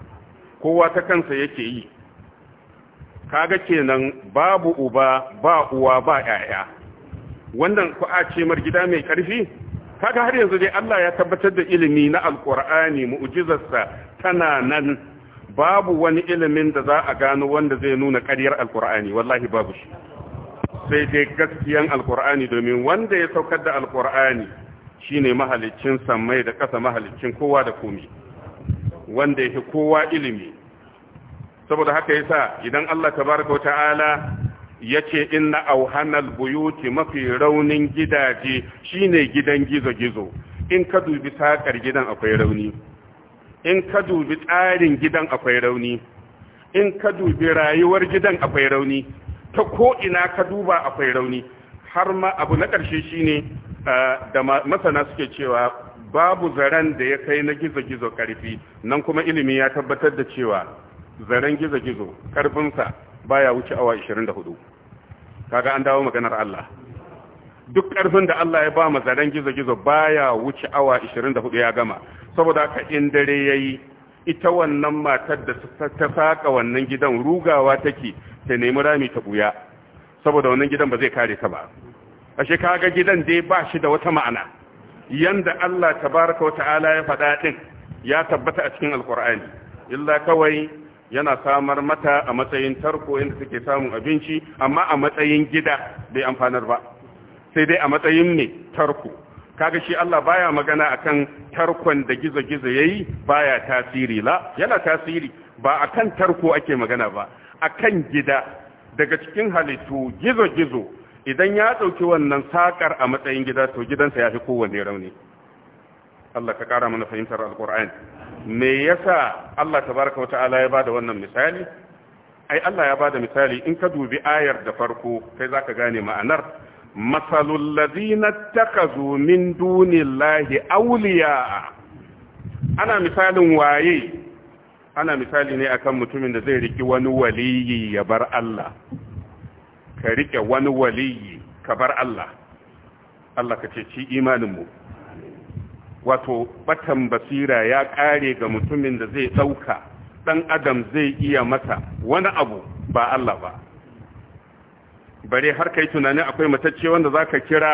kowa ta kansa yake yi kaga kenan babu uba ba uwa ba yaya wannan ku a ce mar gida mai karfi kaga har yanzu dai Allah ya tabbatar da ilimi na alqur'ani mu'jizarsa tana nan babu wani ilimin da za a gano wanda zai nuna ƙaryar alkur'ani wallahi babu shi sai dai gaskiyan alkur'ani domin wanda ya saukar da alkur'ani shine mahalicin sammai da ƙasa mahalicin kowa da komi wanda yake kowa ilimi saboda haka yasa idan Allah tabaraka wa ta'ala yace inna awhanal buyuti mafi raunin gidaje shine gidan gizo gizo in ka dubi sakar gidan akwai rauni in ka dubi tsarin gidan akwai rauni in ka dubi rayuwar gidan akwai rauni ta ina ka duba akwai rauni har ma abu na ƙarshe shine eh, da masana suke cewa babu zaren da ya kai na gizo-gizo ƙarfi nan kuma ilimi ya tabbatar da cewa zaren gizo-gizo ƙarfinsa baya wuce awa 24 kaga an dawo maganar Allah duk ƙarfin da Allah ya ba mu zaren gizo-gizo baya wuce awa 24 ya gama saboda haka in dare yayi ita wannan matar da ta saka wannan gidan rugawa take ta nemi rami ta buya saboda wannan gidan ba zai kare ta ba ashe kaga gidan dai ba shi da wata ma'ana yanda Allah tabaraka wa ta'ala ya faɗa din ya tabbata a cikin alkur'ani illa kawai yana samar mata a matsayin tarko inda take samun abinci amma a matsayin gida bai amfanar ba sai dai a matsayin ne tarko kaga shi Allah baya magana akan tarkon da gizo-gizo yayi baya tasiri la yana tasiri ba akan tarko ake magana ba akan gida daga cikin halittu gizo-gizo idan ya dauki wannan sakar a matsayin gida to gidansa ya fi kowanne rauni Allah ka kara mana fahimtar alkur'ani me yasa Allah tabaraka wa ta'ala ya bada wannan misali ai Allah ya bada misali in ka dubi ayar da farko kai zaka gane ma'anar مثل الذين اتخذوا من دون الله ana misalin waye ana misali ne akan mutumin da zai زي wani وني ya bar Allah ka rike wani waliyi ka bar Allah Allah ka ce ci mu wato batan basira ya kare ga mutumin da zai dauka dan adam zai iya masa wani abu ba Allah ba bare har kai tunanin akwai matacce wanda zaka kira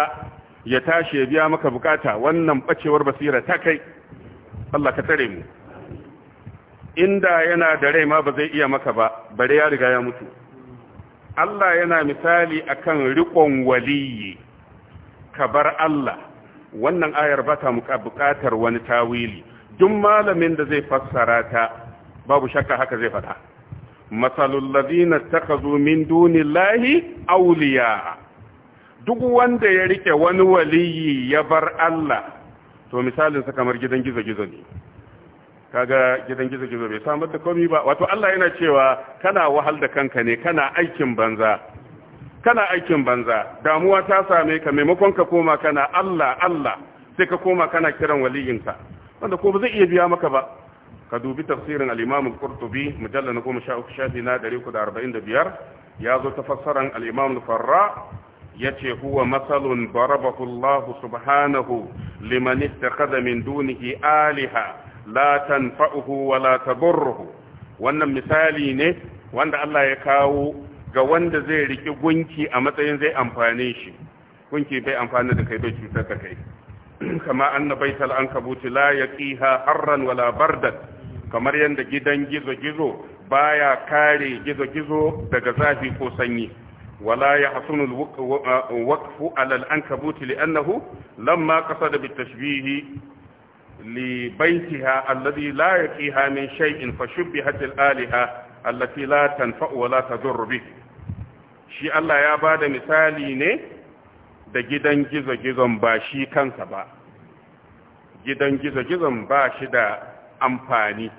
ya tashi ya biya maka bukata wannan bacewar basira ta kai Allah ka tare mu inda yana da rai ma ba zai iya maka ba bare ya riga ya mutu Allah yana misali akan riƙon waliyi ka bar Allah wannan ayar ba ta buƙatar wani tawili duk malamin da zai fassara ta babu shakka haka zai faɗa masalul ladina takhazu min dunillahi auliya duk wanda ya rike wani waliyi ya bar Allah to misalin sa kamar gidan gizo-gizo ne kaga gidan gizo-gizo bai samar da komai ba wato Allah yana cewa kana wahal da kanka ne kana aikin banza kana aikin banza damuwa ta same ka maimakon ka koma kana Allah Allah sai ka koma kana kiran waliyinka wanda ko ba zai iya biya maka ba ka dubi tafsirin al-imam al-qurtubi mujallal 13 shafi na 345 ya zo ta fassaran al-imam al-farra yace huwa masalun barabahu Allah subhanahu liman ittakhadha min dunihi aliha la tanfa'uhu wa la tadurruhu wannan misali ne wanda Allah ya kawo ga wanda zai riki gunki a matsayin zai amfane shi gunki bai amfani da kai bai cutar da kai kama anna baital ankabuti la yaqiha harran wala bardan kamar yadda gidan gizo-gizo baya kare gizo-gizo daga zafi ko sanyi wala ya hasunu waqfu ala al li'annahu lamma qasada bitashbih li baytiha alladhi la yaqiha min shay'in fashubbihat al-aliha allati la tanfa'u wa la tadur bi shi Allah ya bada misali ne da gidan gizo-gizon ba shi kansa ba gidan gizo-gizon ba shi da amfani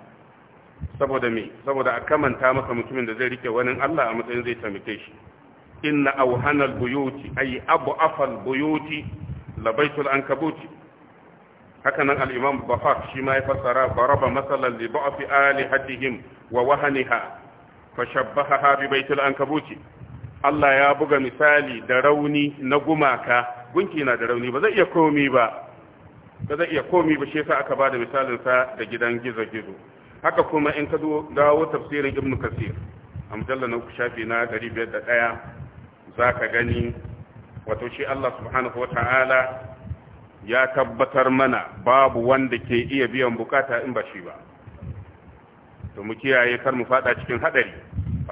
saboda me saboda a kamanta maka mutumin da zai rike wani Allah a matsayin zai tamike shi inna awhanal buyuti ay ab'afal buyuti labaitul ankabuti haka nan al-imam bafaq shi ma ya fassara baraba masalan li ba'fi alihatihim wa wahaniha shabbaha bi baitul ankabuti Allah ya buga misali da rauni na gumaka gunki na da rauni ba zai iya komi ba ba zai iya komi ba shi yasa aka bada misalin sa da gidan gizo gizo haka kuma in ka dawo tafsirin ibn kasir a mujallar na uku shafi na 501 za ka gani wato shi Allah subhanahu wa ta'ala ya tabbatar mana babu wanda ke iya biyan bukata in ba shi ba to mu kiyaye kar mu fada cikin hadari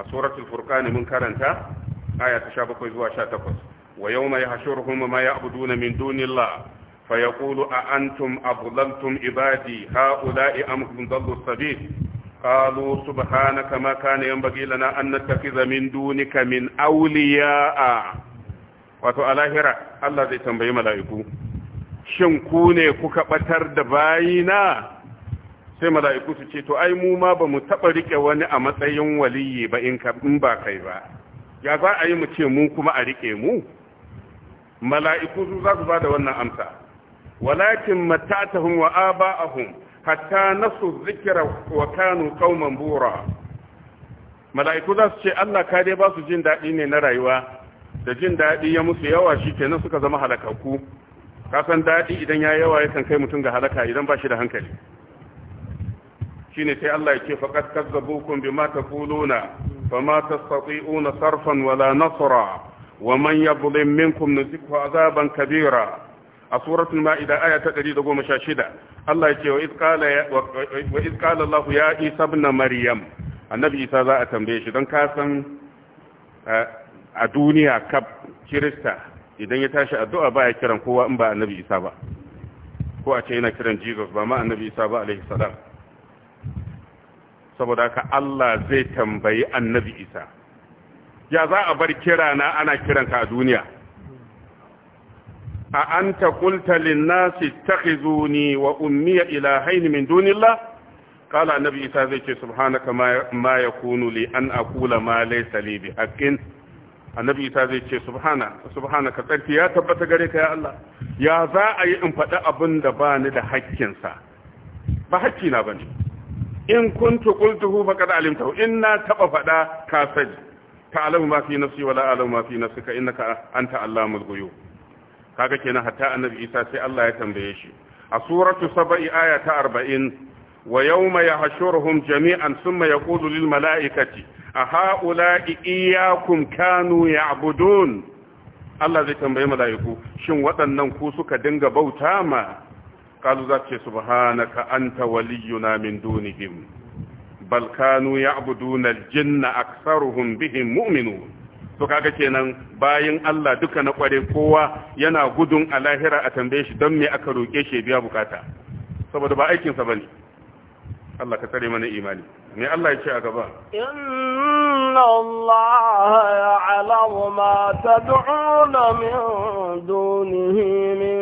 a suratul furqan mun karanta aya ta 17 zuwa 18 wa yawma yahshuruhum ma ya'buduna min dunillah فيقول أأنتم أضللتم عبادي هؤلاء أم هم ضلوا السبيل قالوا سبحانك ما كان ينبغي لنا أن نتخذ من دونك من أولياء wato Alahira. lahira Allah zai tambayi mala'iku shin ku ne kuka batar da bayina sai mala'iku su ce to ai mu ma ba mu taɓa riƙe wani a matsayin waliyi ba in ba kai ba ya za a yi mu ce mu kuma a riƙe mu mala'iku su za su ba da wannan amsa walakin matatahum wa aba'ahum hatta nasu zikra wa kanu qauman bura mala'iku za su ce Allah ka dai ba su jin daɗi ne na rayuwa da jin daɗi ya musu yawa shi kenan suka zama halakakku kasan daɗi idan ya yawa yakan kai mutum ga halaka idan ba shi da hankali shine sai Allah yake faqad kazzabukum bima taquluna fama tastati'una sarfan wala nasra wa man yadhlim minkum nuzikhu azaban kabira a suratul ma'ida aya ta 116 Allah ya ce wa iz qala wa Allah ya Isa ibn Maryam annabi Isa za a tambaye shi don ka san eh, a duniya kaf kirista idan ya tashi addu'a ya kiran kowa in ba annabi Isa ba ko a ce yana kiran Jesus ba ma annabi Isa ba alaihi salam saboda ka Allah zai tambayi annabi Isa ya za a bar kirana ana kiranka a duniya a an ta kultalin kulta linnasi takhizuni wa ummiya ilahaini min dunillah qala annabi isa zai ce subhanaka ma yakunu li an akula ma laysa salibi, bi haqqin annabi isa zai ce subhana subhanaka tsarki ya tabbata gare ka ya Allah ya za a yi in faɗi abin da ba ni da haƙƙinsa ba haƙƙi na ba ne, in kun tuhu qultuhu faqad alimtahu in na taɓa faɗa ka sani ta'lamu ma fi nafsi wa la a'lamu ma fi nafsika innaka anta allamul ghuyub kaga kenan hatta annabi isa sai Allah ya tambaye shi a suratu saba'i aya ta 40 wa yawma yahshuruhum jami'an thumma yaqulu lil mala'ikati a ha'ula'i iyyakum kanu ya'budun Allah zai tambaye mala'iku shin waɗannan ku suka dinga bauta ma qalu za ce subhanaka anta waliyuna min dunihim bal kanu ya'buduna al-jinna aktharuhum bihim mu'minun to kaga kenan bayin Allah duka na kware kowa yana gudun a lahira a tambaye shi don me aka roke shi biya bukata saboda ba aikin sa bane Allah ka tsare mana imani me Allah ya ce a gaba inna Allah ya'lamu ma tad'una min dunihi min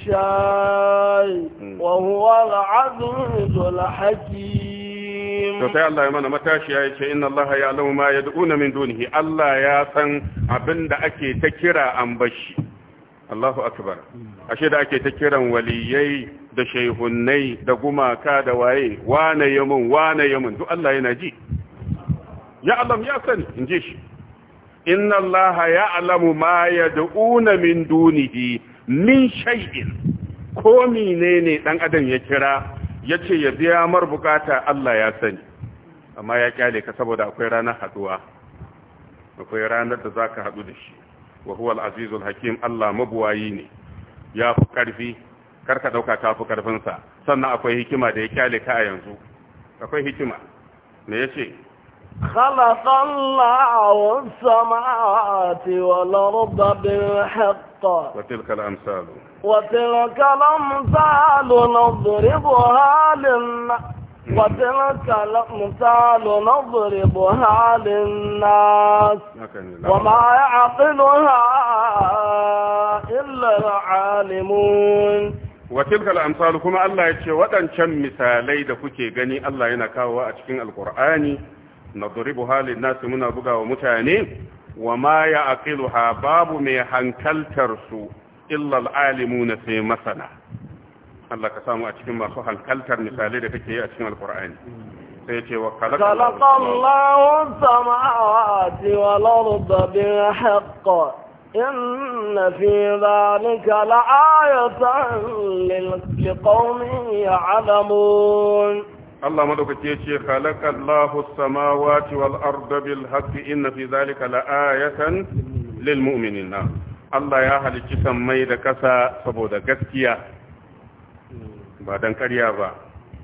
shay wa huwa al-'azizul hakim to sai Allah ya mana matashiya ya ce inna Allah ya alamu ma yad'una min dunihi Allah ya san abin da ake ta kira an bashi Allahu akbar ashe da ake ta kiran waliyai da shehunnai da gumaka da waye wane yamin wane yamin duk Allah yana ji ya alam ya sani in ji shi inna allaha ya'lamu ma ya yad'una min dunihi min shay'in ko menene dan adam ya kira ya ce ya biya mar bukata Allah ya sani amma ya kyale ka saboda akwai ranar haduwa akwai ranar da za ka haɗu da shi wa huwa al'azizul hakim Allah mabuwayi ne ya fi ƙarfi karka ɗauka ta fi ƙarfinsa sannan akwai hikima da ya kyale ka a yanzu akwai hikima me ya ce خلق الله السماوات والأرض بالحق وتلك الأمثال Waɗin kala musaluna zuri buhalin nas Waɗin kala musaluna zuri buhalin ya ce waɗancan misalai da kuke gani, Allah yana kawo a cikin Alkur'ani, na zuri nas, inuna buga wa mutane, wa ma ya aqilu ha babu mai hankaltarsu. إلا العالمون في مثلا الله كسامو أتكلم أخوها الكالتر مثالي لكي أتكلم القرآن خلق الله السماوات والأرض بالحق إن في ذلك لآية لقوم يعلمون الله مدوك تيشي خلق الله السماوات والأرض بالحق إن في ذلك لآية للمؤمنين Allah ya halicci sammai da ƙasa saboda gaskiya ba dan ƙarya ba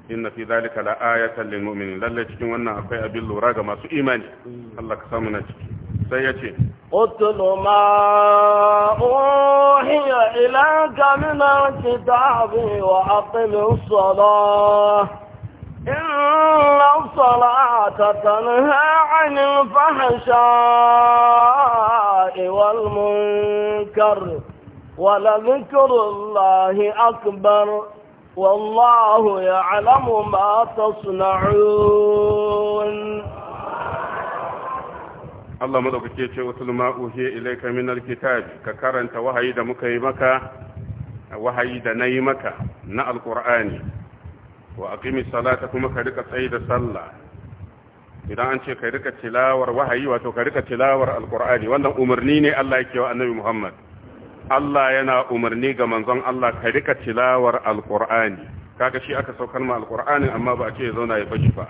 inna fi zalika la'ayatan lil mu'minin lalle cikin wannan akwai abin lura ga masu imani Allah ka samu na ciki sai ya ce اتل ما أوحي إليك من الكتاب وأقم الصلاة إن الصلاة تنهى عن الفحشاء والمنكر ولذكر الله أكبر والله يعلم ما تصنعون Allah madaukake ce wasu ma uhiya ilaika min alkitab ka karanta wahayi da muka yi maka wahayi da nayi maka na alqur'ani wa aqimi salata kuma ka rika tsayi da sallah idan an ce ka rika tilawar wahayi wato ka rika tilawar alqur'ani wannan umarni ne Allah yake wa annabi Muhammad Allah yana umarni ga manzon Allah ka rika tilawar alqur'ani kaga shi aka saukar ma alqur'ani amma ba a ce ya zauna ya bashi ba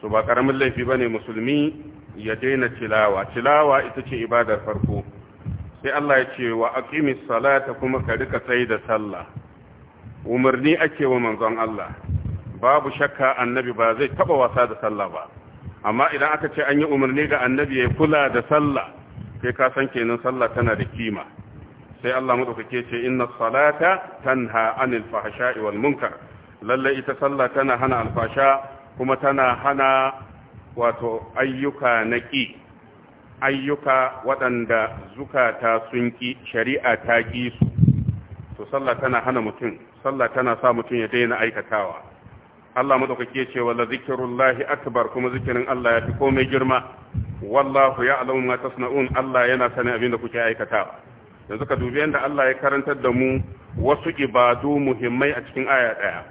so ba karamin laifi bane musulmi ya daina tilawa tilawa ita ce ibadar farko sai Allah ya ce wa salata kuma ka rika tsayi da sallah umarni ake wa manzon Allah babu shakka annabi ba zai taba wasa da sallah ba amma idan aka ce an yi umarni ga annabi ya kula da sallah sai ka san kenan sallah tana da kima sai Allah madaukake ce inna salata tanha anil fahsha'i wal munkar lalle ita sallah tana hana alfasha kuma tana hana wato ayyuka naki ayyuka waɗanda zukata sun ki shari'a ta ki su to sallah tana hana mutum sallah tana sa mutum ya daina aikatawa Allah madaukaki ce wala zikrullahi akbar kuma zikirin Allah ya fi komai girma wallahu ya'lamu ma tasna'un Allah yana sanin abin da kuke aikata yanzu ka dubi yanda Allah ya karantar da mu wasu ibadu muhimmai a cikin aya daya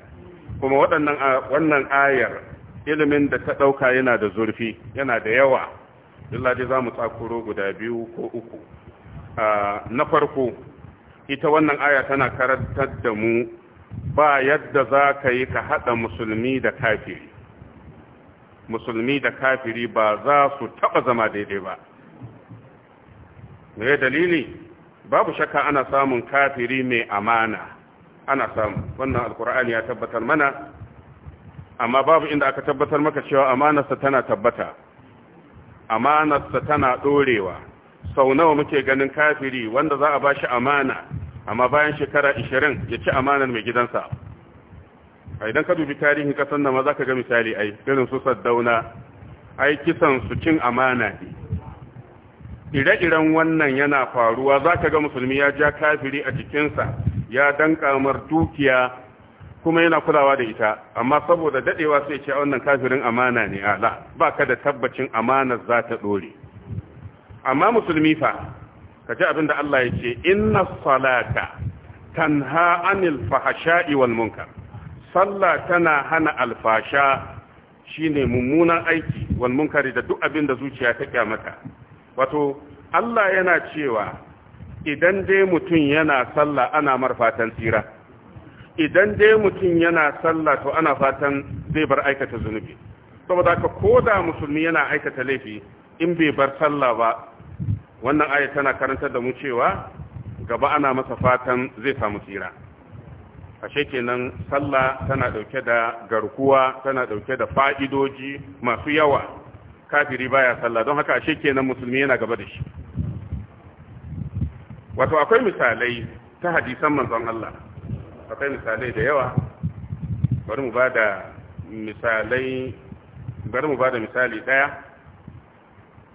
kuma waɗannan wannan ayar ilimin da ta dauka yana da zurfi yana da yawa illa dai zamu tsakuro guda biyu ko uku na farko ita wannan aya tana karantar da mu ba yadda za ka yi ka haɗa musulmi da kafiri musulmi da kafiri ba za su taɓa zama daidai ba me dalili babu shakka ana samun kafiri mai amana ana samu wannan alkur'ani ya tabbatar mana amma babu inda aka tabbatar maka cewa amanarsa tana tabbata amanarsa tana ɗorewa sau nawa muke ganin kafiri wanda za a ba shi amana amma bayan shekara 20 ya ci amanar mai gidansa a idan ka dubi tarihin kasan nama za ka ga misali ai irin su saddauna aiki kisan su cin amana ne ire-iren wannan yana faruwa za ka ga musulmi ya ja kafiri a jikinsa ya dan kamar dukiya kuma yana kulawa da ita amma saboda dadewa sai ce wannan kafirin amana ne ala ba ka da tabbacin amanar za ta dore amma musulmi fa ka ji abin da Allah ya ce inna salata tanha anil fahasha'i wal munkar sallah tana hana alfasha shine mummunan aiki wal munkari da duk abin da zuciya ta kyamata wato Allah yana cewa idan dai mutum yana sallah ana marfatan tsira idan dai mutum yana sallah to ana fatan zai bar aikata zunubi saboda ka koda musulmi yana aikata laifi in bai bar sallah ba wannan aya tana karantar da mu cewa gaba ana masa fatan zai samu tsira ashe kenan sallah tana dauke da garkuwa tana dauke da fa'idoji masu yawa kafiri baya sallah don haka ashe kenan musulmi yana gaba da shi wato akwai misalai ta hadisan manzon Allah akwai misalai da yawa bari mu bada misalai bari mu bada misali daya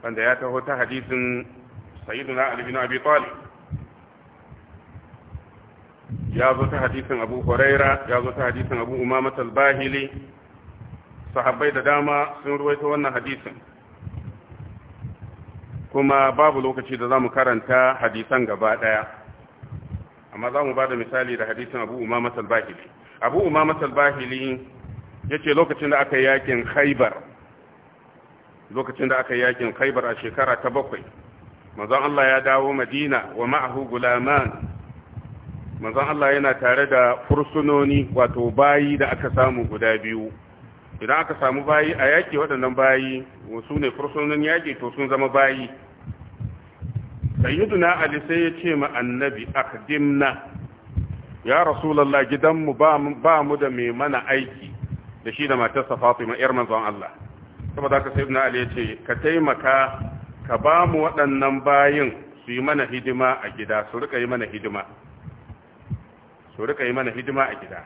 wanda ya taho ta hadisin سيدنا ali بن abi طالب ya zo ta hadisin abu huraira ya zo ta hadisin abu umamat al-bahili sahabbai da dama sun wannan hadisin kuma babu lokaci da zamu karanta hadisan gaba daya amma zamu bada misali da hadisin abu umamat al-bahili abu umamat al-bahili yace lokacin da aka yakin khaybar lokacin da aka yakin khaybar a shekara ta bakwai mazan Allah ya dawo Madina wa ma'ahu gulaman manzon Allah yana tare da fursunoni wato bayi da aka samu guda biyu idan aka samu bayi a yaki waɗannan bayi su ne fursunonin yaki to sun zama bayi sayyiduna ali sai ya ce ma annabi akdimna ya rasulullah gidanmu ba mu da mai mana aiki da shi da matarsa fatima yar manzon Allah saboda haka sayyiduna ali ya ce ka taimaka ka ba mu waɗannan bayin su yi mana hidima a gida su rika yi mana hidima su rika yi mana hidima a gida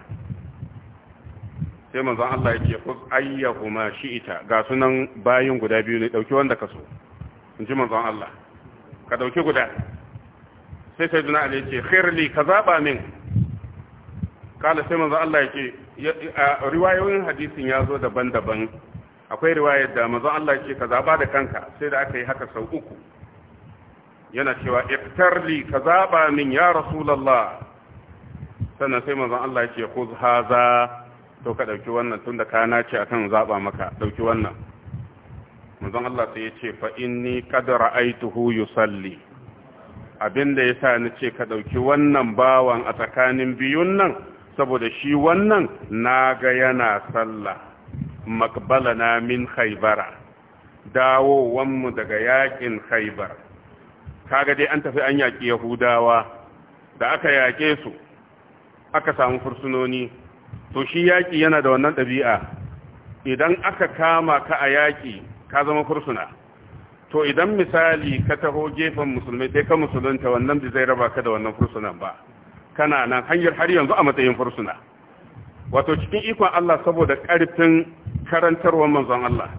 sai manzon Allah ya yake kus ayyahuma shi'ita ga sunan bayin guda biyu ne dauki wanda ka so in ji manzon Allah ka dauki guda sai sai duna Ali ce khairli ka zaba min kala sai manzon Allah ya ke, riwayoyin hadisin ya zo daban-daban akwai riwayar da mazan Allah ce ka zaba da kanka sai da aka yi haka sau uku yana cewa iftar li ka zaba min ya rasulullah sannan sai mazan Allah ce khuz haza to ka dauki wannan tunda ka nace akan zaba maka dauki wannan Mazan Allah sai ya ce fa inni qad ra'aytuhu yusalli abinda yasa ni ce ka ɗauki wannan bawan a tsakanin biyun nan saboda shi wannan naga yana sallah makbalana min khaybara dawowanmu daga yakin khaybar kaga dai an tafi an yaki yahudawa da aka yake su aka samu fursunoni to shi yaki yana da wannan ɗabi'a idan aka kama ka a yaƙi ka zama fursuna to idan misali ka taho gefen musulmai sai ka musulunta wannan da zai raba ka da wannan fursunan ba kana nan hanyar har yanzu a matsayin fursuna wato cikin ikon Allah saboda karfin karantarwar manzon Allah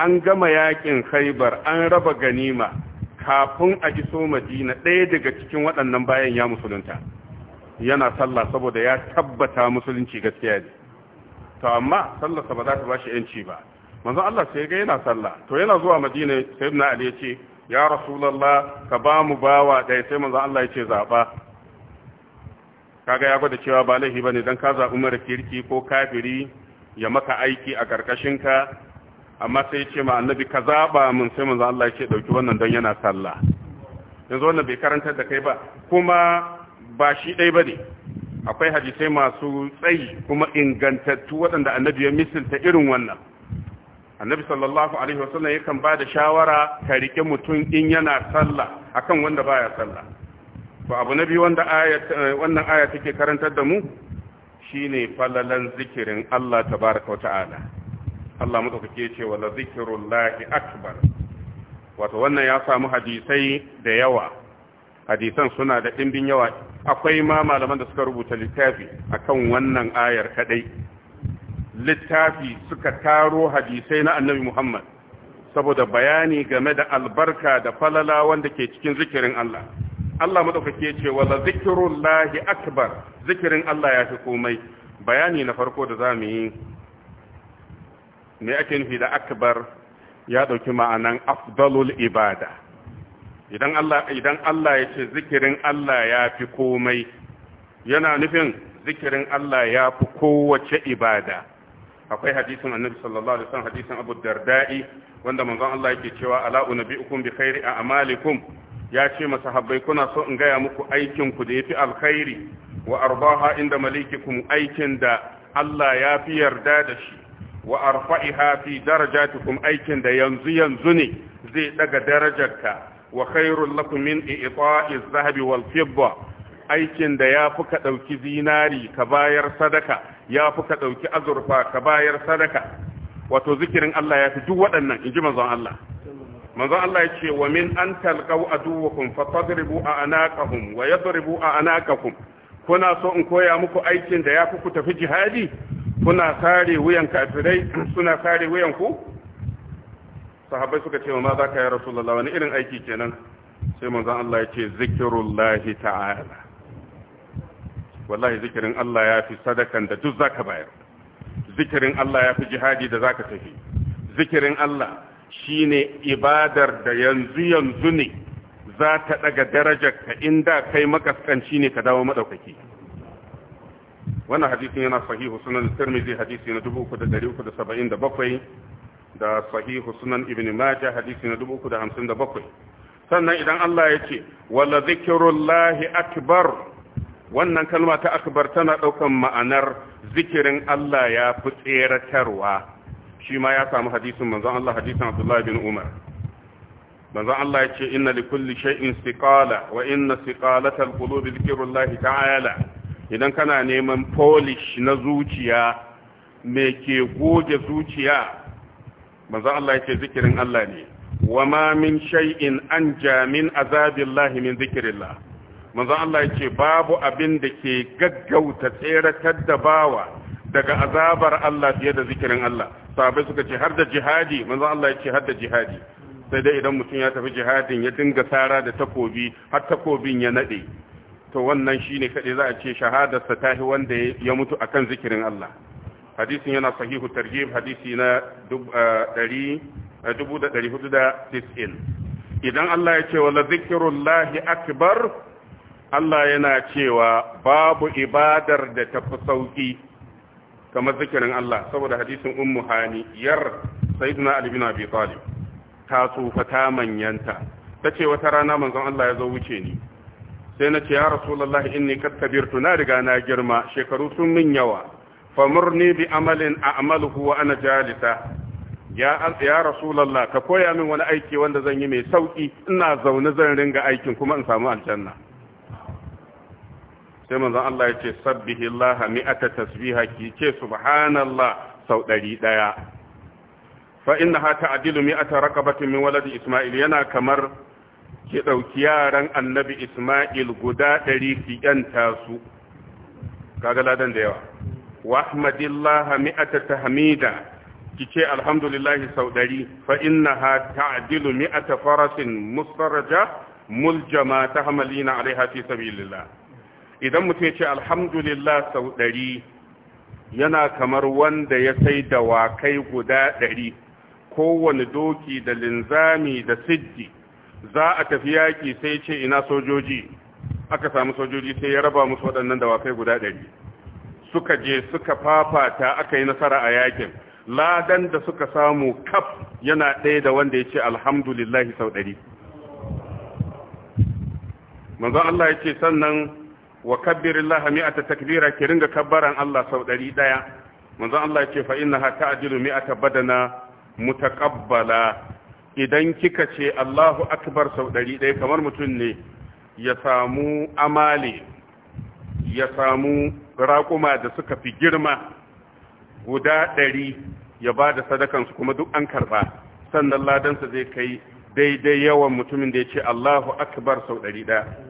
an gama yakin Khaibar an raba ganima kafin a iso Madina ɗaya daga cikin waɗannan bayan ya musulunta yana sallah saboda ya tabbata musulunci gaskiya ne to amma sallah ba za ta bashi yanci ba manzon Allah sai ga yana sallah to yana zuwa Madina sayyidina Ali ya ce ya rasulullah ka ba mu bawa ɗaya sai manzon Allah ya ce zaba kaga ya gwada cewa ba laifi bane dan ka za umar kirki ko kafiri ya maka aiki a karkashin ka amma sai ce ma annabi ka zaba mun sai manzo Allah ya ce dauki wannan don yana sallah yanzu wannan bai karantar da kai ba kuma ba shi dai bane akwai hadisai masu tsayi kuma ingantattu waɗanda annabi ya misalta irin wannan annabi sallallahu alaihi wasallam yakan ba da shawara ka rike mutum in yana sallah akan wanda baya sallah to abu na biyu wanda eh, wannan aya take karantar da mu shine falalan zikirin Allah tabaraka wata'ala Allah ke ce wala zikrullahi akbar wato wannan ya samu hadisai da yawa hadisan suna da dimbin yawa akwai ma malaman da suka rubuta littafi akan wannan ayar kadai littafi suka taro hadisai na annabi Muhammad saboda bayani game da albarka da falala wanda ke cikin zikirin Allah Allah madaukake ya ce zikirun lahi akbar zikirin Allah ya fi komai bayani na farko da mu yi me ake nufi da akbar ya ɗauki ma'anan afdalul ibada idan Allah idan Allah ya ce zikirin Allah ya fi komai yana nufin zikirin Allah ya fi kowace ibada akwai hadisin annabi sallallahu alaihi wasallam hadisin Abu Darda'i wanda manzon Allah yake cewa ala unabbiukum bi khairi a'malikum ya ce masahabbai kuna so in gaya muku aikin ku da fi alkhairi wa arbaha inda malikikum aikin da Allah ya fi yarda da shi wa arfa'iha fi darajatikum aikin da yanzu yanzu ne zai daga darajarka wa khairul lakum min i'ta'i adh-dhahabi wal fidda aikin da ya ka ɗauki zinari ka bayar sadaka ya ka ɗauki azurfa ka bayar sadaka wato zikirin Allah ya fi duk waɗannan in ji manzon Allah manzo Allah ya ce wa min an talqau aduwakum fatadribu a anaqahum wa yadribu a anaqakum kuna so in koya muku aikin da ya fi ku tafi jihadi kuna kare wuyan kafirai suna kare wuyan ku sahabbai suka ce ma za ka yi rasulullah wani irin aiki kenan sai manzon Allah ya ce zikirullahi ta'ala wallahi zikirin Allah ya fi sadakan da duk zaka bayar zikirin Allah ya fi jihadi da zaka tafi zikirin Allah Shi ne ibadar da yanzu yanzu ne za ta daga darajar ka inda kai makaskanci ne ka dawo madaukaki wannan hadisin yana sahihu sunan tirmidhi hadisi na 3377 da sahihu sunan ibn majah hadisi na 357 sannan idan Allah ya ce wala zikrullahi akbar wannan kalma ta akbar tana daukan ma'anar zikirin Allah ya fi tseratarwa shi ma ya samu hadisin manzon Allah hadisin Abdullah bin Umar manzon Allah ya ce inna li kulli shay'in istiqala wa inna istiqalata al-qulub dhikrullahi ta'ala idan kana neman polish na zuciya me ke goge zuciya manzon Allah ya ce zikirin Allah ne wa ma min shay'in anja min azabillahi min zikrillah manzon Allah ya ce babu abin da ke gaggauta tseratar da bawa daga azabar Allah fiye da zikirin Allah sahabbai suka ce har da jihadi manzo Allah ya ce har da jihadi sai dai idan mutum ya tafi jihadin ya dinga sara da takobi har takobin ya nade to wannan shine kade za a ce shahadarsa tahi wanda ya mutu akan zikirin Allah hadisin yana sahihu tarjib hadisi na 1490 eh, eh, idan Allah ya ce wala zikrullahi akbar Allah yana cewa babu ibadar da tafi sauki kamar zikirin Allah saboda hadisin ummu hani yar sayyidina ali bin abi talib ta tsufa ta manyanta tace wata rana manzon Allah ya zo wuce ni sai na ce ya rasulullahi inni kad kabirtu na riga na girma shekaru sun min yawa famurni bi amalin a'maluhu wa ana jalisa ya ya rasulullah ka koya min wani aiki wanda zan yi mai sauki ina zaune zan ringa aikin kuma in samu aljanna sai manzon Allah ya ce sabbihillaha mi'ata tasbiha ki ce subhanallah sau ɗari ɗaya fa innaha ta'dilu mi'ata raqabatin min waladi isma'il yana kamar ki ɗauki yaran annabi isma'il guda ɗari ki yanta su kaga ladan da yawa wa ahmadillaha mi'ata tahmida ki ce alhamdulillahi sau ɗari fa inna ha ta'adilu mi'ata farasin mustarja muljama ta hamalina alaiha fi sabilillah idan mutum ya ce alhamdulillah sau ɗari yana kamar wanda ya sai da wakai guda ɗari kowane doki da linzami da siddi za a tafi yaƙi sai ce ina sojoji aka samu sojoji sai ya raba musu waɗannan da wakai guda ɗari suka je suka fafata aka yi nasara a yakin ladan da suka samu kaf yana ɗaya da wanda ya ce alhamdulillahi sau ɗari manzon Allah ya ce sannan wa a ta takbira ki ringa kabbaran Allah sau ɗari ɗaya manzo Allah ce fa inna innaha ta'dilu mi'ata badana mutaqabbala idan kika ce Allahu akbar sau ɗari ɗaya kamar mutum ne ya samu amali ya samu raƙuma da suka fi girma guda ɗari ya ba da sadakansu kuma duk an karɓa sannan ladansa zai kai daidai yawan mutumin da ya ce Allahu akbar sau ɗari ɗaya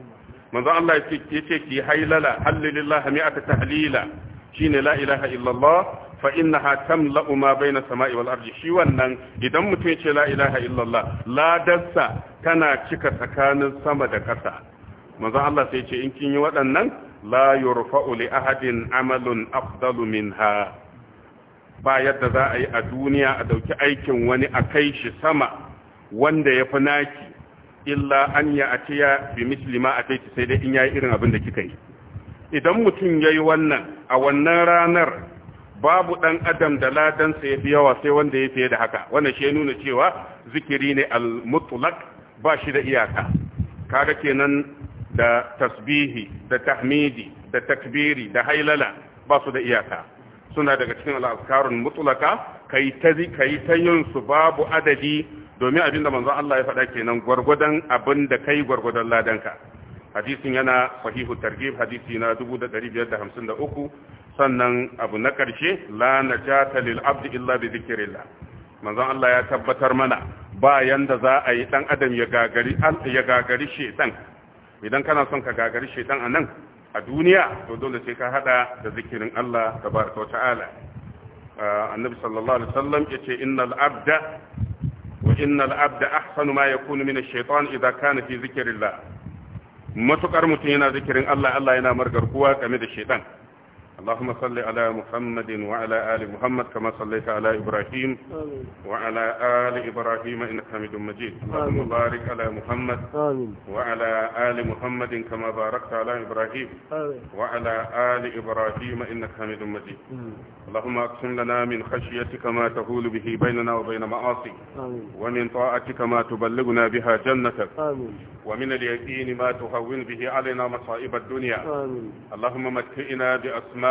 manzo Allah ce ki haylala hallilillah mi'ata tahlila shine la ilaha illallah fa innaha tamla'u ma baina sama'i wal ardi shi wannan idan mutum yace la ilaha illallah ladarsa tana cika tsakanin sama da ƙasa manzo Allah sai ce in kin yi waɗannan la yurfa'u li ahadin amalun afdalu minha ba yadda za a yi a duniya a dauki aikin wani a kai shi sama wanda ya fi naki illa an ya atiya bi misli ma taiti sai dai in ya yi irin abin da kika yi idan mutum ya yi wannan a wannan ranar babu ɗan adam da ladansa ya fi yawa sai wanda ya fiye da haka wanda shi ya nuna cewa zikiri ne al-mutlaq ba shi da iyaka kaga kenan da tasbihi da tahmidi da takbiri da hailala ba su da iyaka suna daga cikin al-azkarun mutlaka kai ta kai ta yin su babu adadi domin abinda manzon Allah ya faɗa kenan gwargwadon abin da kai gwargwadon ladanka hadisin yana sahihu targhib hadisi na 1553 sannan abu na karshe la najata lil abdi illa bi dhikrillah manzon Allah ya tabbatar mana ba yanda za a yi dan adam ya gagari ya gagari shedan idan kana son ka gagari a anan a duniya to dole sai ka hada da zikirin Allah tabaraka wa ta'ala ah, annabi sallallahu alaihi wasallam yace innal abda wa innal abda ahsanu ma yakunu min ash-shaytan idza kana fi dhikrillah matukar mutum yana zikirin Allah Allah yana margar kuwa game da shaytan اللهم صل على محمد وعلى آل محمد كما صليت على إبراهيم آمين. وعلى آل إبراهيم إنك حميد مجيد اللهم بارك على محمد آمين. وعلى آل محمد كما باركت على إبراهيم آمين. وعلى آل إبراهيم إنك حميد مجيد اللهم أقسم لنا من خشيتك ما تهول به بيننا وبين معاصي ومن طاعتك ما تبلغنا بها جنتك آمين. ومن اليقين ما تهون به علينا مصائب الدنيا آمين. اللهم متئنا بأسماء